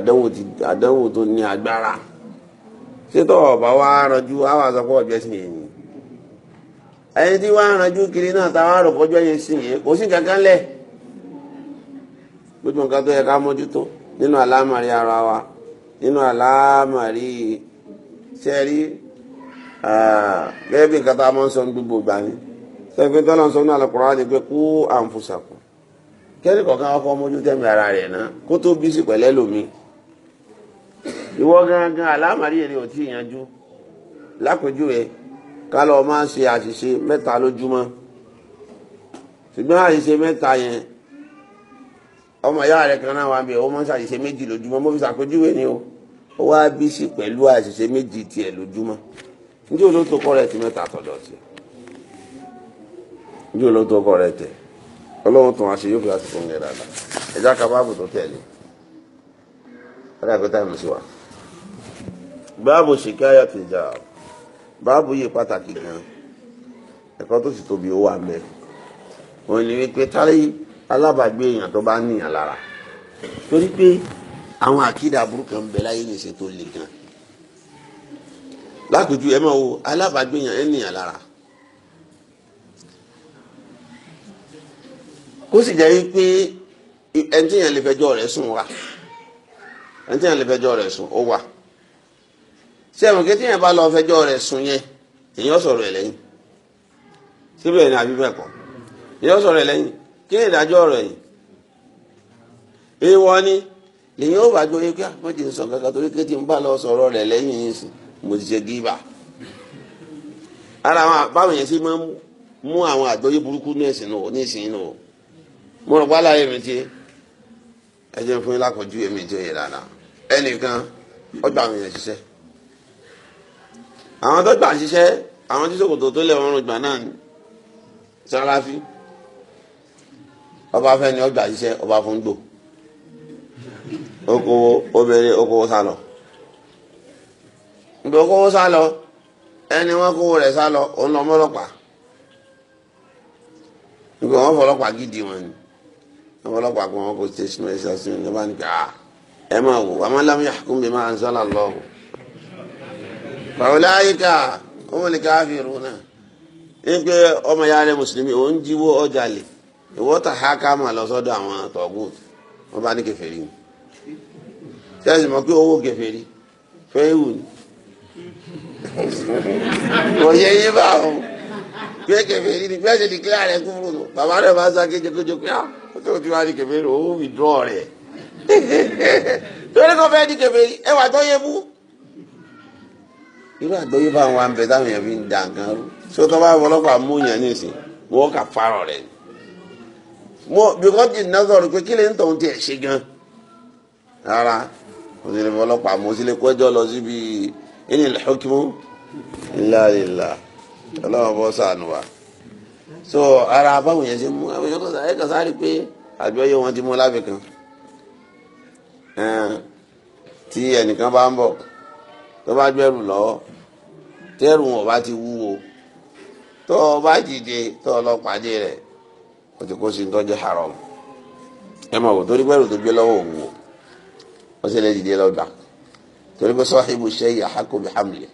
Speaker 1: àdánwò tó ní agbára sétọ̀ ọ̀bá wa ranjú àwọn àzọpọ̀ ọ̀jọ́ ẹ̀sìn yẹn ni ẹni tí wàá ranjú kiri náà táwọn àròpọ̀jọ́ yẹn sìn yẹn kò sí kankan lẹ̀ gbogbo nǹkan tó yẹ ká mójútó nínú àlámàrí ara wa nínú àlámàrí sẹ́rí ah, gẹ́gẹ́ bí nǹkan tá a máa ń sọ ní gbogbo ìgbà ni sẹ́gbẹ́ tó lọ́n sọ ní Al-Qur'an ni pé kú àǹfùsàkù kẹ́rì kọ̀ọ̀kan ọkọ̀ ọmọjú tẹ́mi ara rẹ̀ náà kó tó bí sí pẹ̀lẹ́ lómi ìwọ gangan aláàmàrí èrè ò tí ì yanjú lápèjúwe ká lọ máa ń ṣe àṣìṣe mẹ́ta lójúmọ́ ṣùgbọ́n àṣìṣe mẹ́ta yẹn ọmọ ìyá rẹ̀ kan náà wà bí ó máa ń ṣàṣìṣe méjì lójúmọ́ mo fi ṣàpèjúwe ni o ó wá bí sí pẹ̀lú àṣìṣe méjì tiẹ̀ ọlọ́run tún àṣẹ yóò fi àsìkò ń lè dáadáa ẹ̀já ka báàbù tó tẹ̀lé adáàgbé táìmù sí wa. báàbù ṣìkáyà ti jà báàbù yìí pàtàkì gan ẹ̀kọ́ tó sì tóbi owó amẹ́ òun ni wípé tárí alábàágbé èèyàn tó bá níyàn lára torí pé àwọn àkídà burúkú ń bẹ láyé nìṣe tó le gan lápèjú ẹ máa wo alábàágbé èèyàn ẹ níyàn lára kó sì jẹ́ wípé ẹni tí yẹn lè fẹjọ́ rẹ̀ sùn wà ẹni tí yẹn lè fẹjọ́ rẹ̀ sùn ó wà ṣé ẹ̀mọ̀ kí tí yẹn bá lọ fẹjọ́ rẹ̀ sùn yẹn èyàn sọ̀rọ̀ ẹ̀ lẹ́yìn síbẹ̀ ni àbí bẹ́ẹ̀ kọ́ èyàn sọ̀rọ̀ ẹ̀ lẹ́yìn kí ni ìdájọ́ ọ̀rọ̀ yìí èèwọ̀ ni lèyìn ó bá gbọ́ yẹ kí àwọn ti sọ kankan torí kí tí n bá lọ sọ̀rọ̀ rẹ̀ lẹ́yìn yìí sùn mo ti ṣe gíbà ara báwọn yẹn sì mú àwọn àgbọ́yé burúkú ní ẹ̀sìn náà ní ìsìn náà mo rò mi ti ẹ fún yín lákọ̀ọ́jú yẹn mi ti yẹ dáadáa ẹnìkan ọgbà àwọn ṣiṣẹ́ àwọn tó gbà ṣiṣẹ́ àwọn tí ṣòkòtò tó lẹ̀ wọ́n gbà náà ni sáráfí ọba ni ọgbà ọba fún gbò okòwò obìnrin okòwò sálọ okòwò sálọ ẹni wọn kówó sálọ òun lọ wọn gidi wọn ni. àwọn ọlọ́pàá wọn kò station ẹ̀ ṣàṣì ní ìjọba ní pé ah, ẹ máa wò wàá máa lámúyà kún bí máa ń sọ́là lọ. bàwọlé àyíká ọmọ lè káfí náà ní pé ọmọ ya rẹ mùsùlùmí òun jíwó ọjà lè ìwọ́ tà há ká máa lọ sọ́dọ̀ àwọn tọ̀gùn wọn bá ní tó ti wá di kèfèrí ó withdraw rẹ̀ torí kò fẹ́ di kèfèrí ẹ wà tọ́yẹ bú. irú àgbẹ̀yẹ bá wọn abẹ táwọn èèyàn fi ń da nǹkan rú so tó bá ọlọ́pàá mú yàn nísìn wọ́n kà fárọ̀ rẹ̀ ni. mo bìkọ́ ti ná sọ̀rọ̀ pé kí lè ń tọ̀hún tiẹ̀ ṣe gan. rárá mo sì lè fi ọlọ́pàá mo sì lè kó ẹjọ́ lọ síbi ẹni ìlẹ̀ hókìmọ́ ọlọ́wọ́ bọ́ sànù wa so ara báwọn yẹn ṣe mú àwọn yẹn kọsá ẹ kọsá rí pé àjọyọ̀ wọn ti mú lábẹ́ kan tí ẹnìkan bá ń bọ̀ tó bá gbẹ́rù lọ́wọ́ tẹ́rù wọn bá ti wúwo tó o bá dìde tó o lọ pàdé rẹ̀ o ti kó sí nítọ́jú haram ẹ máa wò torí gbẹ́rù tó gbé lọ́wọ́ òwò ó sì lè dìde lọ́gbà torí pé sọ́hìbù ṣe yà hákò bí hamlin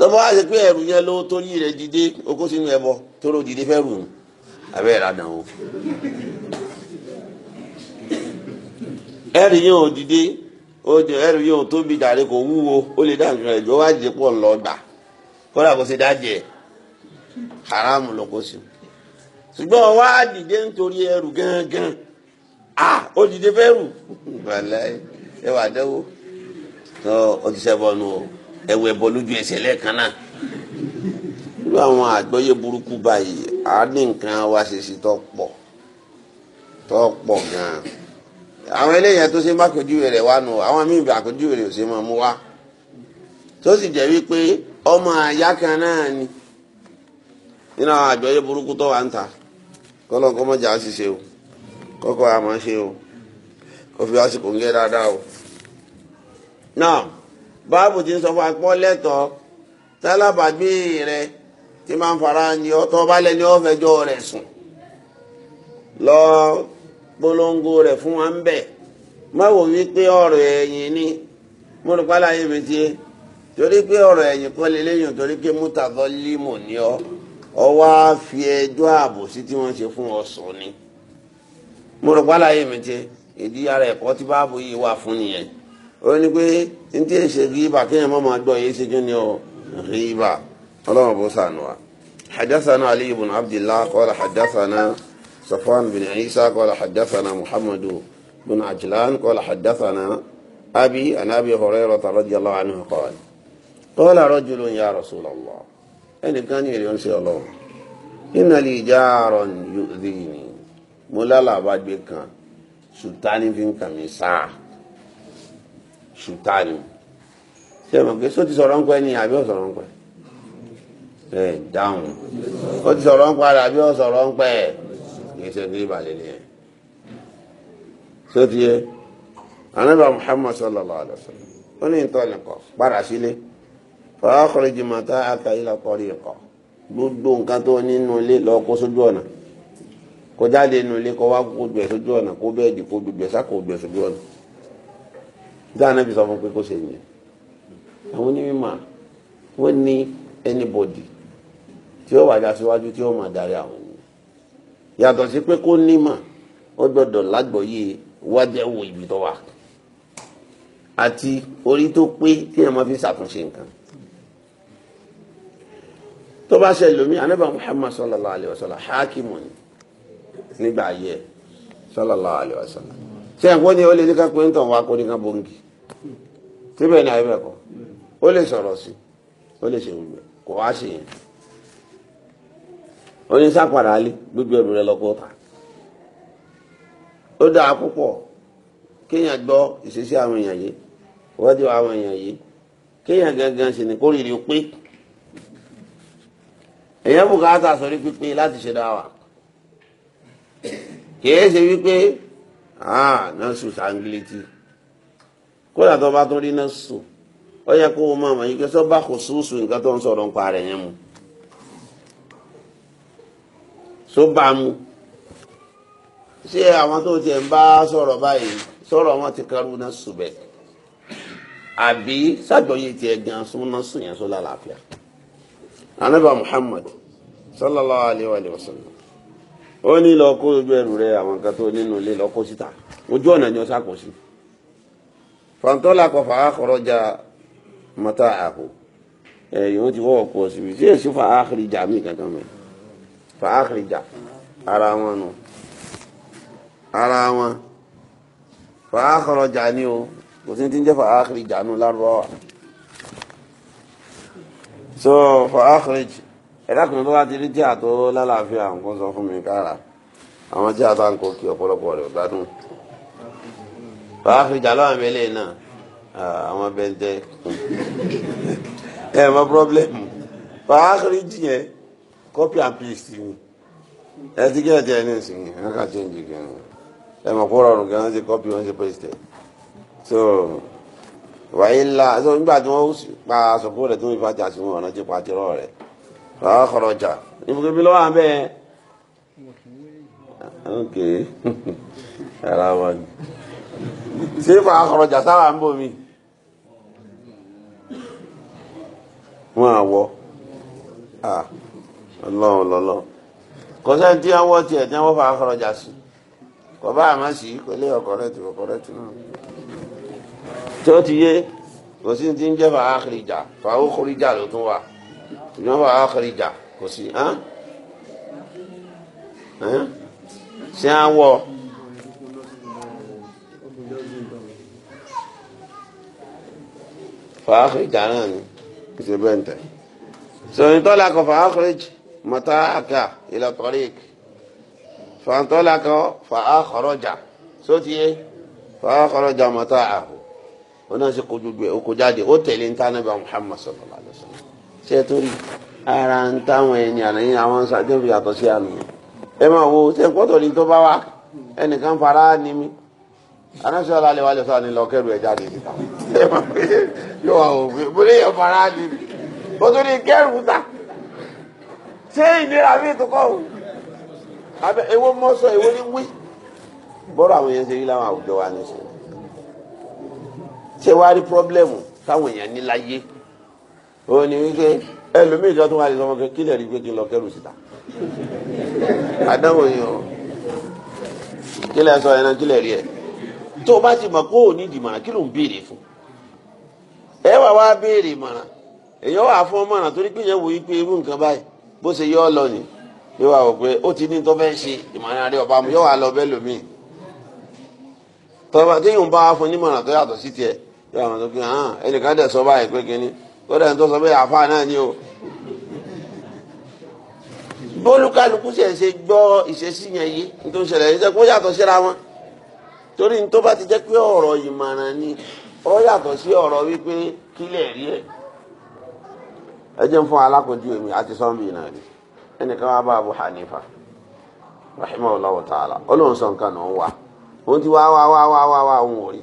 Speaker 1: lọ́bọ̀ wá ṣe pé ẹrù yẹn ló tó yí rẹ̀ dìde okó sínú ẹbọ tó ló dìde fẹ́ rù ú abẹ́ ẹ̀ ládàá o. ẹrù yẹn ò dìde ẹrù yẹn ò tóbi dàrí kò wúwo ó lè dá nǹkan ẹ̀jọ́ wá jẹ́ pọ̀ lọ gbà kódà kó ṣe dájẹ́ haramu ló kó sí. ṣùgbọ́n wá dìde nítorí ẹrù gángan ah ó dìde fẹ́ rù ẹ wà dẹ́wọ́ tó o ti ṣẹ́ bọ́nu o. ẹ̀wẹ̀ bọ́ lójú ẹsẹ̀ lẹ́ẹ̀kan náà irú àwọn àgbọ́yé burúkú báyìí a ní nǹkan wa ṣe sí tó pọ̀ tó pọ̀ gan àwọn eléyẹn tó ṣe má kojúwe rẹ̀ wá nù àwọn míì bá kojúwe rẹ̀ ò ṣe máa mú tó sì wípé ọmọ kan náà ni nínú àwọn àgbọ́yé burúkú tó wà ń ta kọ́lọ́ kọ́ sì ṣe o ṣe o kó fi wá kò ń dáadáa o báàbù ti sọ fún apọ́ lẹ́tọ̀ọ́ tálábàgbé rẹ ti máa ń fara ni ọtọ́ bá lẹ́ni ọ́fẹ́jọ́ rẹ̀ sùn lọ polongo rẹ̀ fún wa ń bẹ̀ má wò wípé ọ̀rọ̀ ni mo rò pálá mi torí pé ọ̀rọ̀ ẹ̀yìn kọ́ lé léyìn torí pé mútàdọ́ límò ní ọ ọ fi ẹjọ́ àbòsí tí wọ́n ṣe fún ọ ni mo rò pálá yé mi ti ìdí ara ẹ̀kọ́ tí báàbù yìí wà ó ní pé n tí ń ṣe ríbà kéèyàn má máa gbọ́ yìí ṣe kí ni ọ ríbà ọlọ́run bó sànù wa. حدثنا علي بن عبد الله قال حدثنا صفوان بن عيسى قال حدثنا محمد بن عجلان قال حدثنا أبي عن أبي هريرة رضي الله عنه قال قال رجل يا رسول الله ẹnì kan ní ìrìn ṣe ọlọ́run iná lè já àrùn yóò ní mo lálàbàgbé kan ṣùtá fi ń sáà ṣùtá ni ṣé mo kí só ti sọ̀rọ̀ ń pẹ́ ni àbí ọ̀sọ̀rọ̀ ń pẹ́ ẹ̀ dáhùn ó ti sọ̀rọ̀ ń pẹ́ àbí ọ̀sọ̀rọ̀ ń pẹ́ kìí ṣe ní ìbàlẹ̀ ni ẹ̀ só ti yẹ anábà Muhammad sallallahu alayhi wa sallam ó ní ìtọ́nìkọ̀ padà sílé fàákùrì jìmọ̀tá aka ilà kọrí ikọ̀ gbogbo nǹkan tó nínú ilé lọ kó sójú ọ̀nà kó jáde nínú ilé kó wá kó gbẹ̀ sójú ọ̀nà kó bẹ́ẹ̀dì kó gbẹ̀ sá kó gbẹ̀ sójú ọ̀nà dáná bí sọ fún pé kó ṣe yẹn àwọn onímọ̀ wọ́n ní anybody tí ó wà já síwájú tí ó máa darí àwọn ènìyàn yàtọ̀ sí pé kó nímọ̀ ó gbọ́dọ̀ lágbọ̀ọ́yé wájẹ́wò ibi tó wà àti orí tó pé tí ẹ̀ máa fi ṣàtúnṣe nǹkan tó bá ṣe lómi anábà Muhammad sallallahu alayhi wa sallam hakimu nígbà ayé sallallahu alayhi wa sallam ṣe ẹ̀kọ́ ni ó lè ní ká pé ń tàn wá kó ní ká bóńgì síbẹ̀ ní àyẹ̀bẹ̀ kọ́ ó lè sọ̀rọ̀ sí ó lè ṣe gbogbo kò wá ṣe yẹn ó ní sápàdà alẹ́ gbogbo ẹrù rẹ lọ́kọ́ ta ó dáa púpọ̀ kéèyàn gbọ́ ìṣesí àwọn èèyàn yìí ìwádìí àwọn èèyàn yìí kéèyàn gangan sì ni kó rírì pé èèyàn bùkátà sọrí pípé láti ṣe dáwà kìí ṣe wípé ah nọ́ọ̀sù sangiliti kódà tó bá tún rí nọ́ọ̀sù ó yẹ kó o máa mọ̀ yìí kẹsọ́ bá kò sùúsù nǹkan tó ń sọ̀rọ̀ ń pa rẹ̀ yẹn mu tó bá mu ṣé àwọn tó tiẹ̀ ń bá sọ̀rọ̀ báyìí sọ̀rọ̀ wọn ti kẹrù nọ́ọ̀sù bẹ̀ àbí sàjọyé tiẹ̀ gan sún nọ́ọ̀sù yẹn sọ lálàáfíà anábà Muhammad sallallahu alayhi wa sallam ó ní lọ kó ojú ẹrù rẹ àwọn nǹkan tó nínú ilé lọ kó síta ojú ọ̀nà ni ó sàkó sí. fàǹtọ́lá kọfà àkọrọjà mọ́tà àhò ẹ̀yìn ó ti wọ́wọ́ kú ọ síbi tí èsì fà áhìrìjà mí kankan mẹ́ fà áhìrìjà ara wọn nù ara wọn fà áhìrìjà ni o kò sí ti ń jẹ́ fà áhìrìjà nù lárúbáwá so fà áhìrìjà ẹ̀dá kan tó bá ti rí tíà tó lálàáfíà nǹkan sọ fún mi kára àwọn tíà tó à ń kó kí ọ̀pọ̀lọpọ̀ rẹ̀ gbádùn. bàbá fi jà lọ́wọ́ àmì eléyìí náà àwọn bẹ́ńtẹ́ ẹ̀ mọ pírọ́blẹ́mù bàbá kiri jìyẹn copy and paste mi ẹ ti kí ẹ ti ẹ ní ẹ ká change kí ẹ mọ̀ kó rọrùn gan ṣe copy wọn ṣe paste so wàyí la so nígbà tí wọ́n pa àsọ̀kú rẹ̀ tó ń fa ràá kọ̀rọ̀jà ìfúkẹ́ bí lọ́wọ́ abẹ́ ok ara wa ni ṣé ràá kọ̀rọ̀jà sáwà ń bò mí wọn àwọ ọlọ́run lọ́lọ́ kọ́sẹ́ tí wọ́n tiẹ̀ tí wọ́n fàá kọ̀rọ̀jà sí kọ̀ bá àmọ́ sí kò lè ọ̀kọ̀rẹ́ tì ọ̀kọ̀rẹ́ náà tí ó ti yé kò sí ti ń jẹ́ fàá kìrìjà fàá ó ló tún wà ìyọ́n wà ákàrí ìjà kò sí ṣé á wọ̀ fàákàrí ìjà náà ni kì í ṣe bẹ́ẹ̀ tẹ̀ sọ̀rọ̀ tó lakọ̀ fàákàrí mọ̀tá àkà ìlà tọ́ríkì sọ̀rọ̀ tó lakọ̀ fàákàrí ìjà sótìyé fàákàrí ìjà àhù ó náà kojú gbé ó ó tẹ̀lé ń tánà sọ̀rọ̀ ṣe tó rí ara ń táwọn ẹni àlẹyìn àwọn ṣàjọ fi yàtọ̀ sí àlùyàn ẹ máa wo ṣe gbọ́dọ̀ ní tó bá wà ẹnìkan fara ni mí anáṣọ alálẹ wa lè sọ àní lọkẹrù ẹ jáde níta ẹ máa pè é yóò wá wò pé mo lè fara ni mí mo tún ní kẹrù ta ṣé ìnira mi tó kọ o abẹ ewo mọ sọ ewo ni wí bọ́rọ̀ àwọn yẹn ṣe rí láwọn àwùjọ wa ní sọ ṣé wàá rí pírọ́blẹ́mù táwọn èèyàn ní láyé. ó ní wípé ẹlòmíì kan tó wà lẹ́sọ̀ ọmọkẹ́ kí lè rí pé kí n lọ kẹ́rù síta àdánwò yìí sọ rí tó o bá ti mọ̀ kó o ní ìdìmọ̀ràn kí ló ń béèrè fún ẹ wà wá béèrè ìmọ̀ràn èyàn wà fún ọmọ ọ̀nà torí pé yẹn wò yí pé irú nǹkan báyìí bó lọ yóò wá wò pé ó ti ní tó ṣe ìmọ̀ràn rẹ ọba mu yóò wá lọ bẹ́ẹ̀ lómìn tọ́ba téèyàn bá wá fún onímọ̀ràn tó yàtọ̀ sí tiẹ̀ yóò wá wọn ẹnìkan dẹ̀ sọ báyìí pé kínní lọ́dọ̀ ẹni tó sọ pé àfa náà ni o bólúkálukú sì ẹ̀ ṣe gbọ́ ìṣesí yẹn yé tó ń ṣẹlẹ̀ ní sẹ́kó yàtọ̀ síra wọn torí ní tó bá ti jẹ́ pé ọ̀rọ̀ ìmọ̀ràn ni ó yàtọ̀ sí ọ̀rọ̀ wípé kílẹ̀ rí ẹ̀ ẹ jẹ́ fún alákòójú omi àti sọ́ńbì náà rí ẹnìkan wá bá Abu Hanifa ta'ala olóhùn sọ nǹkan náà ń wà òun ti wá wá wá wá wá òun rí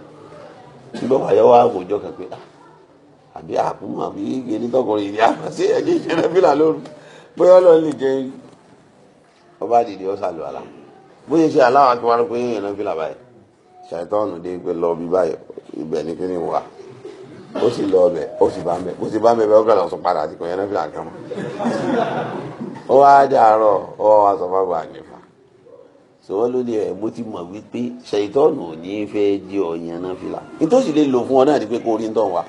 Speaker 1: tí lọ́wọ́ àyọ̀wọ́ àwòjọ kẹ̀kẹ́ àbí àkúmù àbí yéni tọkùnrin ìdí àmọ́ sí ẹ̀jẹ̀ ìṣẹ̀lẹ̀ fìlà lóru bóyá ọlọ́run lè jẹ́ ọba dìde ọ̀sà lù àlà bóyá ṣe aláwọ̀ akí wọn pé yéèyàn náà fìlà báyìí ṣàìtọ́ọ̀nù dé pé lọ bí báyìí ibẹ̀ ní kíní wà ó sì lọ ọbẹ̀ ó sì bá mẹ́ bó sì bá mẹ́ bẹ́ẹ̀ ó kàn lọ sọ padà àti kò yẹn náà fìlà kan mọ́ ó wá dàárọ̀ ó wá sọ fún àgbà sọ wọ́n lórí ẹ̀ mo ti mọ̀ wípé ṣèyítọ́ọ̀nù ò ní fẹ́ di ọ̀yàn náà fìlà nítòsí lè lò fún ọ náà ni pé kó rí ń tọ̀ wá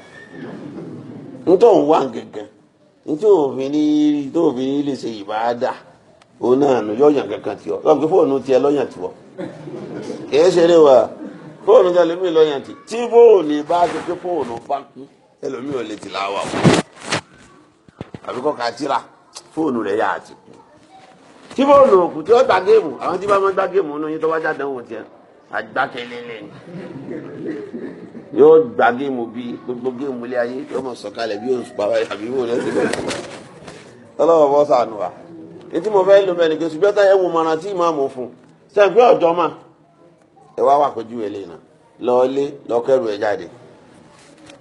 Speaker 1: ń tọ̀ wá gẹ̀gẹ̀ nítorí òfin ní nítorí òfin ní lè ṣe ìbáadà òun náà nù yọ̀yàn kankan tiọ̀ lọ́n pé fóònù tiẹ̀ lọ́yàn tiọ̀ kìí ṣe eré wa fóònù tiẹ̀ lómi lọ́yàn ti tí fóònù bá ti pé fóònù fákú ẹlòmíì ò lè ti láwà o àbíkọ́ kàtírà fóònù rẹ̀ yà á ti kú tí bó lò òkú tí ó gba géèmù àwọn tí bá máa gba géèmù nínú yín tó wá jáde wò tiẹ̀ àgbákẹ́lélẹ̀ yóò gba géèmù bí gbogbo géèmù ilé ayé yóò mọ̀ sọ̀kalẹ̀ bí yóò pa báyìí àbí yóò lẹ́sìn bẹ́ẹ̀ ọlọ́wọ́ bọ́ sànù wa etí mo fẹ́ lo mẹ́rin kẹsùn bẹ́ẹ̀ táyẹ̀ wò mọ̀ràn tí màá mọ̀ fún sẹ́ǹpẹ́ ọ̀jọ́ mà ẹ wá wà kojú ẹ̀ lẹ́yìn náà lọ́ọ́lé lọ́kẹ́rù ẹ̀ jáde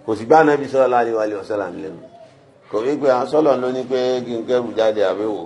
Speaker 1: kò sì gbá anábì sọ́ọ́ láàrin wálé ọ̀sẹ̀ làmìlẹ́nu kò wí pé àwọn ní pé kí n kẹ́rù jáde àbẹ̀wò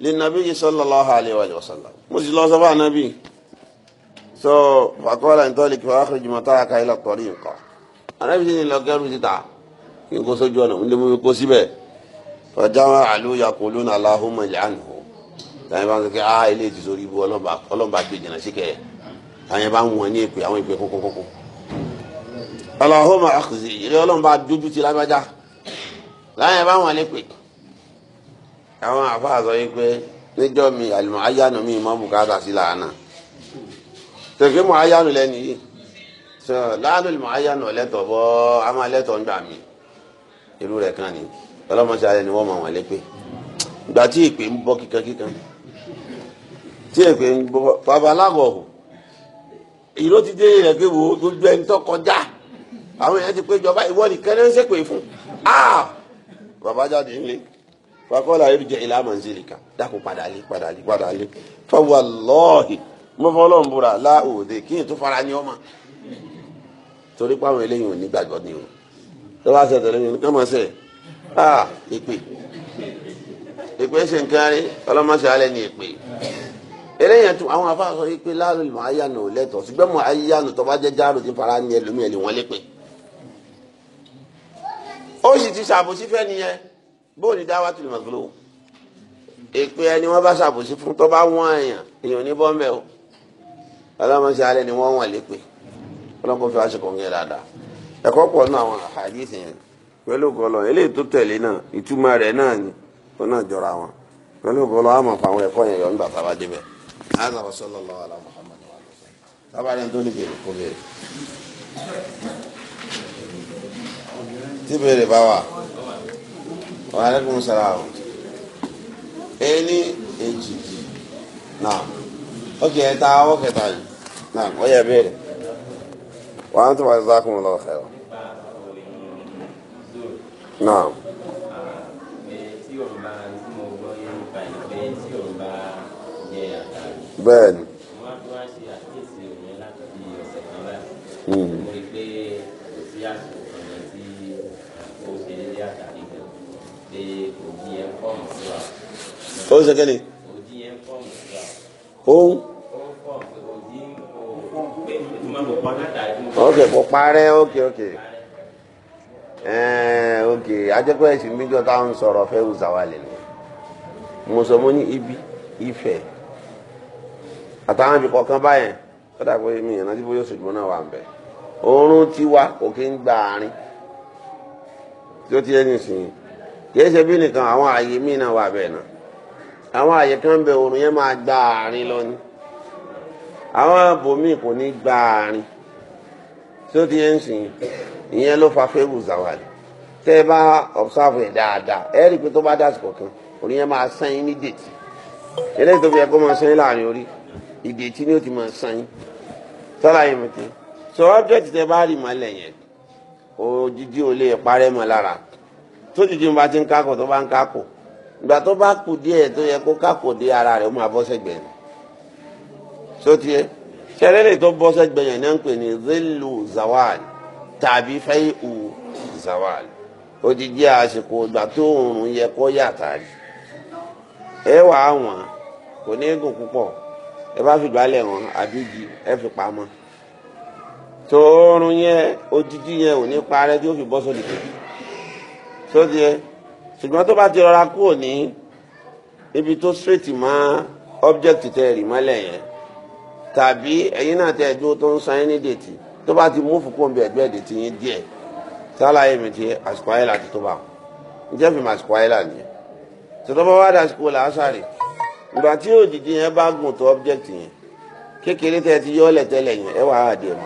Speaker 1: linnabi sallallahu alayhi wa sallam mo sì lọ sọ fún anabi so fakọ́lá ń tọ́lì kí wọ́n akhrij mata'aka ila tariqa anabi sì ní lọ kẹrù síta kí n kó sójú ọ̀nà nílé mi kó síbẹ̀ fàjáwá àlù yaquluna allahumma ij'alhu tàyẹ̀ bá ń sọ kí ah ilé ti sórí ibu ọlọ́mba gbé jìnnà sí kẹ̀ tàyẹ̀ bá ń wọ̀n ní èpè àwọn èpè kókókókó allahumma akhzi ilé ọlọ́mba dójú ti lágbájá tàyẹ̀ bá ń wọ̀n ní èpè àwọn àfáà sọ yìí pé níjọ́ mi àlùmọ́ ayánu mi mọ́ bùkátà sí làánà tẹ̀gbẹ́ mọ́ ayánu lẹ́nu yìí sọ láàánú mọ́ ayánu ọ̀lẹ́tọ̀ bọ́ a máa ń gbà mí irú rẹ̀ kan ni ọlọ́mọṣẹ́ alẹ́ ni wọ́n mọ̀ wọ́n lé pé ìgbà tí ìpè ń bọ́ kíkankíkan tí èpè ń bọ́ babaláwo ìró ti dé rẹ̀ pé wo gbogbo ẹni tó kọjá àwọn èèyàn ti péjọba ìwọ nìkan ní ń ṣèpè fún ah bàbá jáde ńlẹ̀ fakọ́lá yóò jẹ ìlà manzilika dákò padà lé padà lé padà lé fawalọ́ọ̀hì mọ́fọ́lọ́ ń búra láòdè kí n tó fara ní ọmọ torí pé àwọn eléyìí ò ní gbàgbọ́ ni o tó bá ṣe tẹ̀lé mi nǹkan mọ̀ ṣe ah èpè èpè ṣe nǹkan rí ọlọ́mọṣẹ́ alẹ́ ní èpè eléyìí tún àwọn afáà sọ pé láàrú ìmọ̀ ayánu lẹ́tọ̀ọ́ ṣùgbọ́n mọ̀ ayánu tó bá jáàrú ti fara ní ẹlòmíẹ̀ ni wọ́n lépè ó sì ti ṣàbòsí fẹ́ nìyẹn bóò ní dáwàtú lè mọ̀gbọ́n o èpè ẹni wọ́n bá ṣàbòsí fún tó bá wọ́n èèyàn èèyàn ní bọ́m̀bẹ́ o ọlọ́mọṣẹ́ alẹ́ ni wọ́n wọ̀n lépè ọlọ́kọ́ fi aṣọ kan yẹn dáadáa ẹ̀kọ́ pọ̀ náà àwọn àhàdíìsì yẹn pẹ̀lú gọlọ eléyìí tó tẹ̀lé náà ìtumọ̀ rẹ̀ náà ni ó náà jọra wọn pẹ̀lú gọlọ àmọ̀ fún àwọn ẹ̀kọ́ yẹn yọ̀ nígbà tá a bá débẹ̀ azza wa sallallahu ala muhammad wa alayhi wa sallam tábàárẹ̀ tó ní bèrè kó bèrè tí bèrè bá wà wàhálẹ́kùn sara o ẹni èjì náà ọkẹ ẹta ọkẹta yìí náà ọyẹ bẹ̀rẹ̀ wà á tún wà zákùn lọ xẹrọ náà. bẹ́ẹ̀ni. O òbí ẹ ń fọ́ọ̀mù sí wa. ó ṣe kí ni. òbí ẹ ń fọ́ọ̀mù sí wa. ó ń. ó ń fọ́ọ̀mù sí òbí pé mo máa bọ̀ pọ̀ látàrí. ok kò parẹ́ ok ok ẹ̀ẹ́n ok ajẹ́pẹ́ ẹ̀sìn méjọ́ táwọn sọ̀rọ̀ fẹ́ wù sàwálẹ̀ ni mo sọ mo ní ibi ìfẹ́ àtàwọn ibi kọ̀ọ̀kan báyẹn ó dà o mi ìrántí bóyá òṣùgbọ́n náà wà ń bẹ̀ oorun tiwa kò kí ń gba àárín tí ó ti yẹ kìí ṣe bí nìkan àwọn ààyè míì náà wà bẹ́ẹ̀ náà àwọn ààyè kan bẹ oòrùn yẹn máa gba àárín lọ ni àwọn bòmíì kò ní gba àárín tí ó ti yẹn ń sìn ìyẹn ló fa fẹ́rù zawali tẹ́ ẹ bá observe ẹ̀ dáadáa ẹ rí i pé tó bá dásìkò kan orí yẹn máa sẹ́yìn ní dètì eléyìí tó fi yẹ kó máa sẹ́yìn láàrin orí ìdètí ni ó ti máa sẹ́yìn sọ́la yẹn mi ti sọ ọ́bjẹ́tì tẹ́ bá rí mọ́lẹ̀ yẹn òjijì ò lè parẹ́ mọ́ lára tó jìjì ń bá ti ń kákò tó bá ń kákò ìgbà tó bá kù díẹ̀ tó yẹ kó kákò dé ara rẹ̀ ó máa bọ́ sẹ́gbẹ̀ ni sotie sẹ́rẹ́lẹ̀ tó bọ́ sẹ́gbẹ̀ yẹn náà ń pè ní zilu zawal tàbí fẹ́yìú zawal ó ti jẹ́ àsìkò ìgbà tó òòrùn yẹ kó yàtà rí ẹ wà á wọ̀n kò ní gùn púpọ̀ ẹ bá fi gbálẹ̀ wọn àbíjì ẹ fi pamọ́ tó yẹn odidi yẹn ò ní parẹ́ tí ó fi bọ́ sódì kejì sódì ẹ ṣùgbọ́n tó bá ti rọra kúrò ní ibi tó straight mọ́ object tẹ́ rì mọ́lẹ̀ yẹn tàbí ẹ̀yin náà tẹ́ ẹ̀dúró tó ń san ẹni dètì tó bá ti múfù kó ń bẹ ẹ̀gbẹ́ dètì yín díẹ̀ sálàyé mi ti àsìkò ayé láti tó bá ń jẹ́ fi màsìkò ayé láti yẹn tọ́tọ́ bá wá dàsìkò làásàrè ìgbà tí òdìdí yẹn bá gùn tó object yẹn kékeré tẹ́ ti yọ́ ọ̀lẹ̀ tẹ́lẹ̀ yẹn ẹ wà á dìẹ̀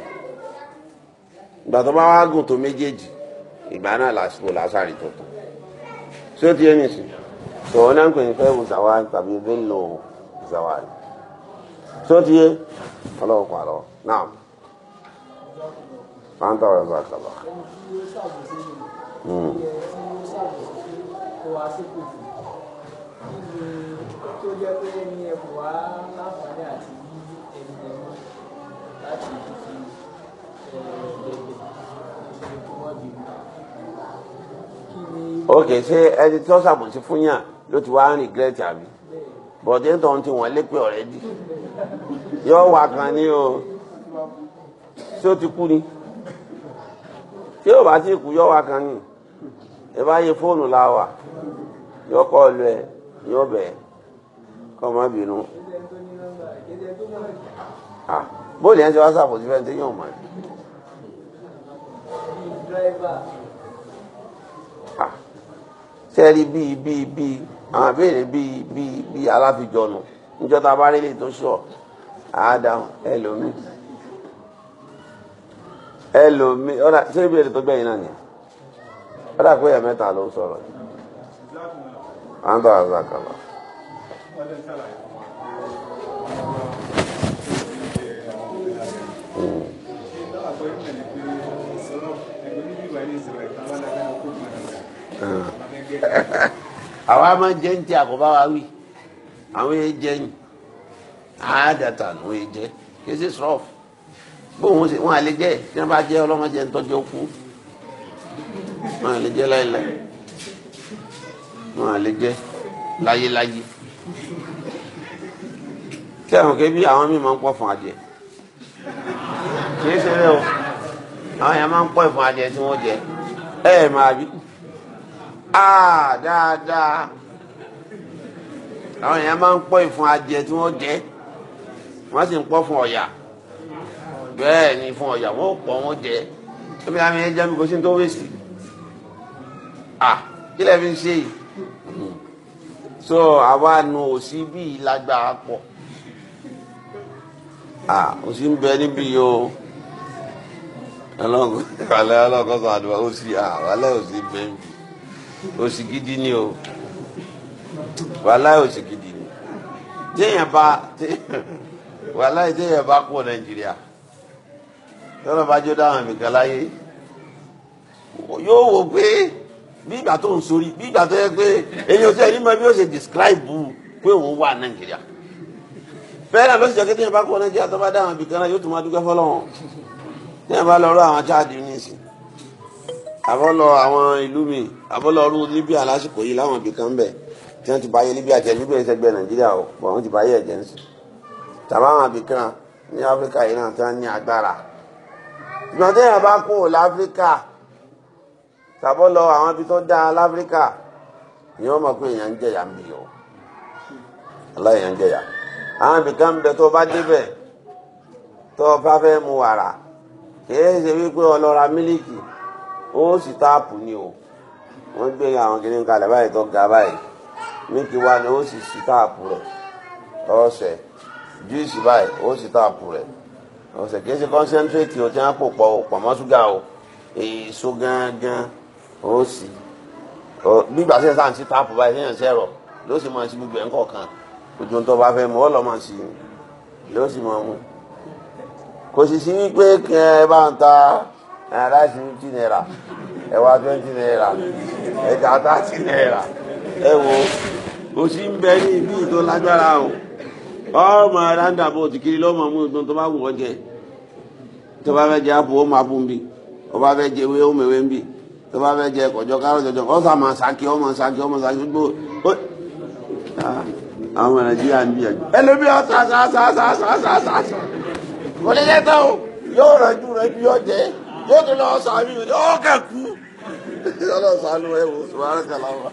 Speaker 1: ìgbà náà lásìkò lásàrì tó tán tí ó ti yé nìsín tó wọn náà ń pè ní fẹ́ẹ̀mù zawari tàbí bello zawari tí ó ti yé ọlọ́run pa lọ náà fanta ọ̀rọ̀ bá kàlọ́. tó jẹ́ pé ní ẹ̀kọ́ wá láǹfààní àti ẹ̀mí ẹ̀mọ́ láti fi ẹ̀ẹ́dẹ̀gbẹ̀ ìṣẹ̀lẹ̀ tó wọ́n dìbò ok ṣé ẹni tó ṣàbòsí fún yàn ló ti wá ń regret àbí bọ̀dé tó ń ti wọ́n lépè already yọ wà kan ní o ṣé ó ti kú ni tí yóò bá ti kú yọ wà kan ní ẹ bá yẹ fóònù la wà yọ kọ lu ẹ yọ bẹ kọ má bínú bóòlù yẹn ti wá ṣàbòsí fẹ́ni tí yóò mọ̀ ẹ́ sẹ́ẹ̀rí bíi bíi bíi àwọn àbẹ̀rẹ̀ bíi bíi bíi aláfijọ́nù níjọ́ tá a bá rí lè tó sọ àádáhùn ẹlòmí ẹlòmí ọ̀dà ṣé ibi èrè tó gbẹ̀yìn náà nìyẹn ọ̀dà pé ẹ̀ mẹ́ta ló sọ̀rọ̀ à ń tọ́ Mm. Ah. àwa máa ń jẹ ń tẹ àkọ́bá wa wí àwọn yẹn jẹ yìí àádàtà ni wọ́n yẹn jẹ kí ẹ sì sọ́ọ̀fù bóun ṣe wọn àlè jẹ tí wọn bá jẹ ọlọmọ jẹ ntọjọ kú wọn àlè jẹ láyéláyé wọn àlè jẹ láyéláyé tí àwọn kẹbí àwọn míì máa ń pọ fún adìẹ kì í ṣe rẹ o àwọn yẹn máa ń pọ fún adìẹ tí wọn jẹ ẹ máa bí ah dáadáa àwọn èèyàn máa ń pọ̀ ìfun adìẹ tí wọ́n jẹ wọ́n sì ń pọ̀ fún ọ̀yà bẹ́ẹ̀ ni fún ọ̀yà wọ́n pọ̀ wọ́n jẹ tóbi àmì ẹ̀ jẹ́ mi kò sí ní tó wéṣì ah kí lẹ́ fi ń ṣe yìí so àwa nu òsì bíi lágbára pọ̀ ah òsì ń bẹ níbí o ọlọ́run kọ́lẹ́ ọlọ́run kọ́sọ̀ àdúrà ó sì ah wàhálà òsì bẹ́ẹ̀ bíi òsì gidi ni o wàláì òsì gidi ni téèyàn bá wàláì téèyàn bá kó nàìjíríà tọ́lọ́ bá jó dáhùn nìkan láyé yóò wò pé bí ìgbà tó ń sori bí ìgbà tó yẹ pé èyí ò tẹ́ ẹni mọ bí ó ṣe describe pé òun wà nàìjíríà fẹ́ràn ló sì jẹ́ kí téèyàn bá kó nàìjíríà tó bá dáhùn nìkan náà yóò tún máa dúpẹ́ fọlọ́wọ́n téèyàn bá lọ rọ àwọn chad ní àbọ̀ lọ àwọn ìlú míì abọ́lọ́rú Libya lásìkò yìí láwọn ibì kan bẹ̀ tí wọ́n ti báyé Libya jẹ́ Libya ìṣẹ́gbẹ́ Nàìjíríà o bọ̀ wọ́n ti báyé ẹ̀jẹ̀ ńsì tàbá àwọn ibì kan ní Áfíríkà yìí náà tí wọ́n ní agbára ìgbà tí èèyàn bá kú ò láfíríkà tàbọ́ lọ àwọn ibi tó dáa láfíríkà ìyẹn mọ̀ pé èèyàn ń jẹ̀yà ń bì o aláìyàn ń jẹ̀yà àwọn ibì kan bẹ̀ tó bá débẹ̀ tó bá fẹ́ mu wàrà kì í ṣe wípé ọlọ́ra mílíkì ó sì táàpù ni o wọ́n gbé àwọn kìnìún kalẹ̀ báyìí tó ga báyìí mílìkì wa ni ó sì sí táàpù rẹ̀ ọ̀sẹ̀ júùsì báyìí ó sì táàpù rẹ̀ ọ̀sẹ̀ kìí ṣe concentrate o tí wọ́n pò pọ̀ pọ̀ ṣúgà o èso gángan ó sì nígbà tí sáà ń sí táàpù báyìí sẹ́yìn sẹ́rọ̀ ló sì máa ń sí gbogbo ẹ̀ ń kọ̀ọ̀kan ojú tó bá fẹ́ mu ọ́ lọ́ máa ń sí yóò sì máa mu kò sì sí wípé kẹ́ ẹ bá ń ta ẹ̀ eh, láìsí fifty naira ẹ̀wà twenty naira ẹ̀jà thirty naira ẹ wo òṣì ń bẹ ní ibi tó lágbára o ọmọ roundabout kiri lọ́mọ mú ìdun tó bá wù ọ́ jẹ tó bá fẹ́ jẹ apu ó máa bù ń bì tó bá fẹ́ jẹ ewé ó mẹ̀wé ń bì tó bá fẹ́ jẹ kọjọ kárọ̀ jọjọ ọ̀sà máa sàkí ọmọ sàkí ọmọ sàkí gbogbo àwọn nàìjíríà ń gbìyànjú. ẹlòmíì ọ̀sà sà sà sà sà sà sà sà kò ní lẹ́tọ̀ o yóò rẹ̀jú rẹ̀jú yóò jẹ́ yóò tún lọ sọ yóò kẹ́ kú ọlọ́run sànú ẹ wò sùmárù kàlámà.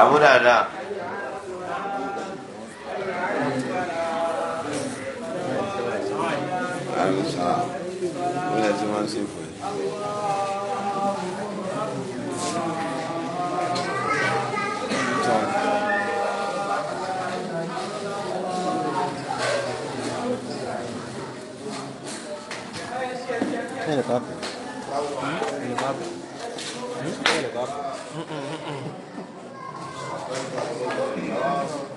Speaker 1: àbúdàdà. àlùsà ó lè ti Mm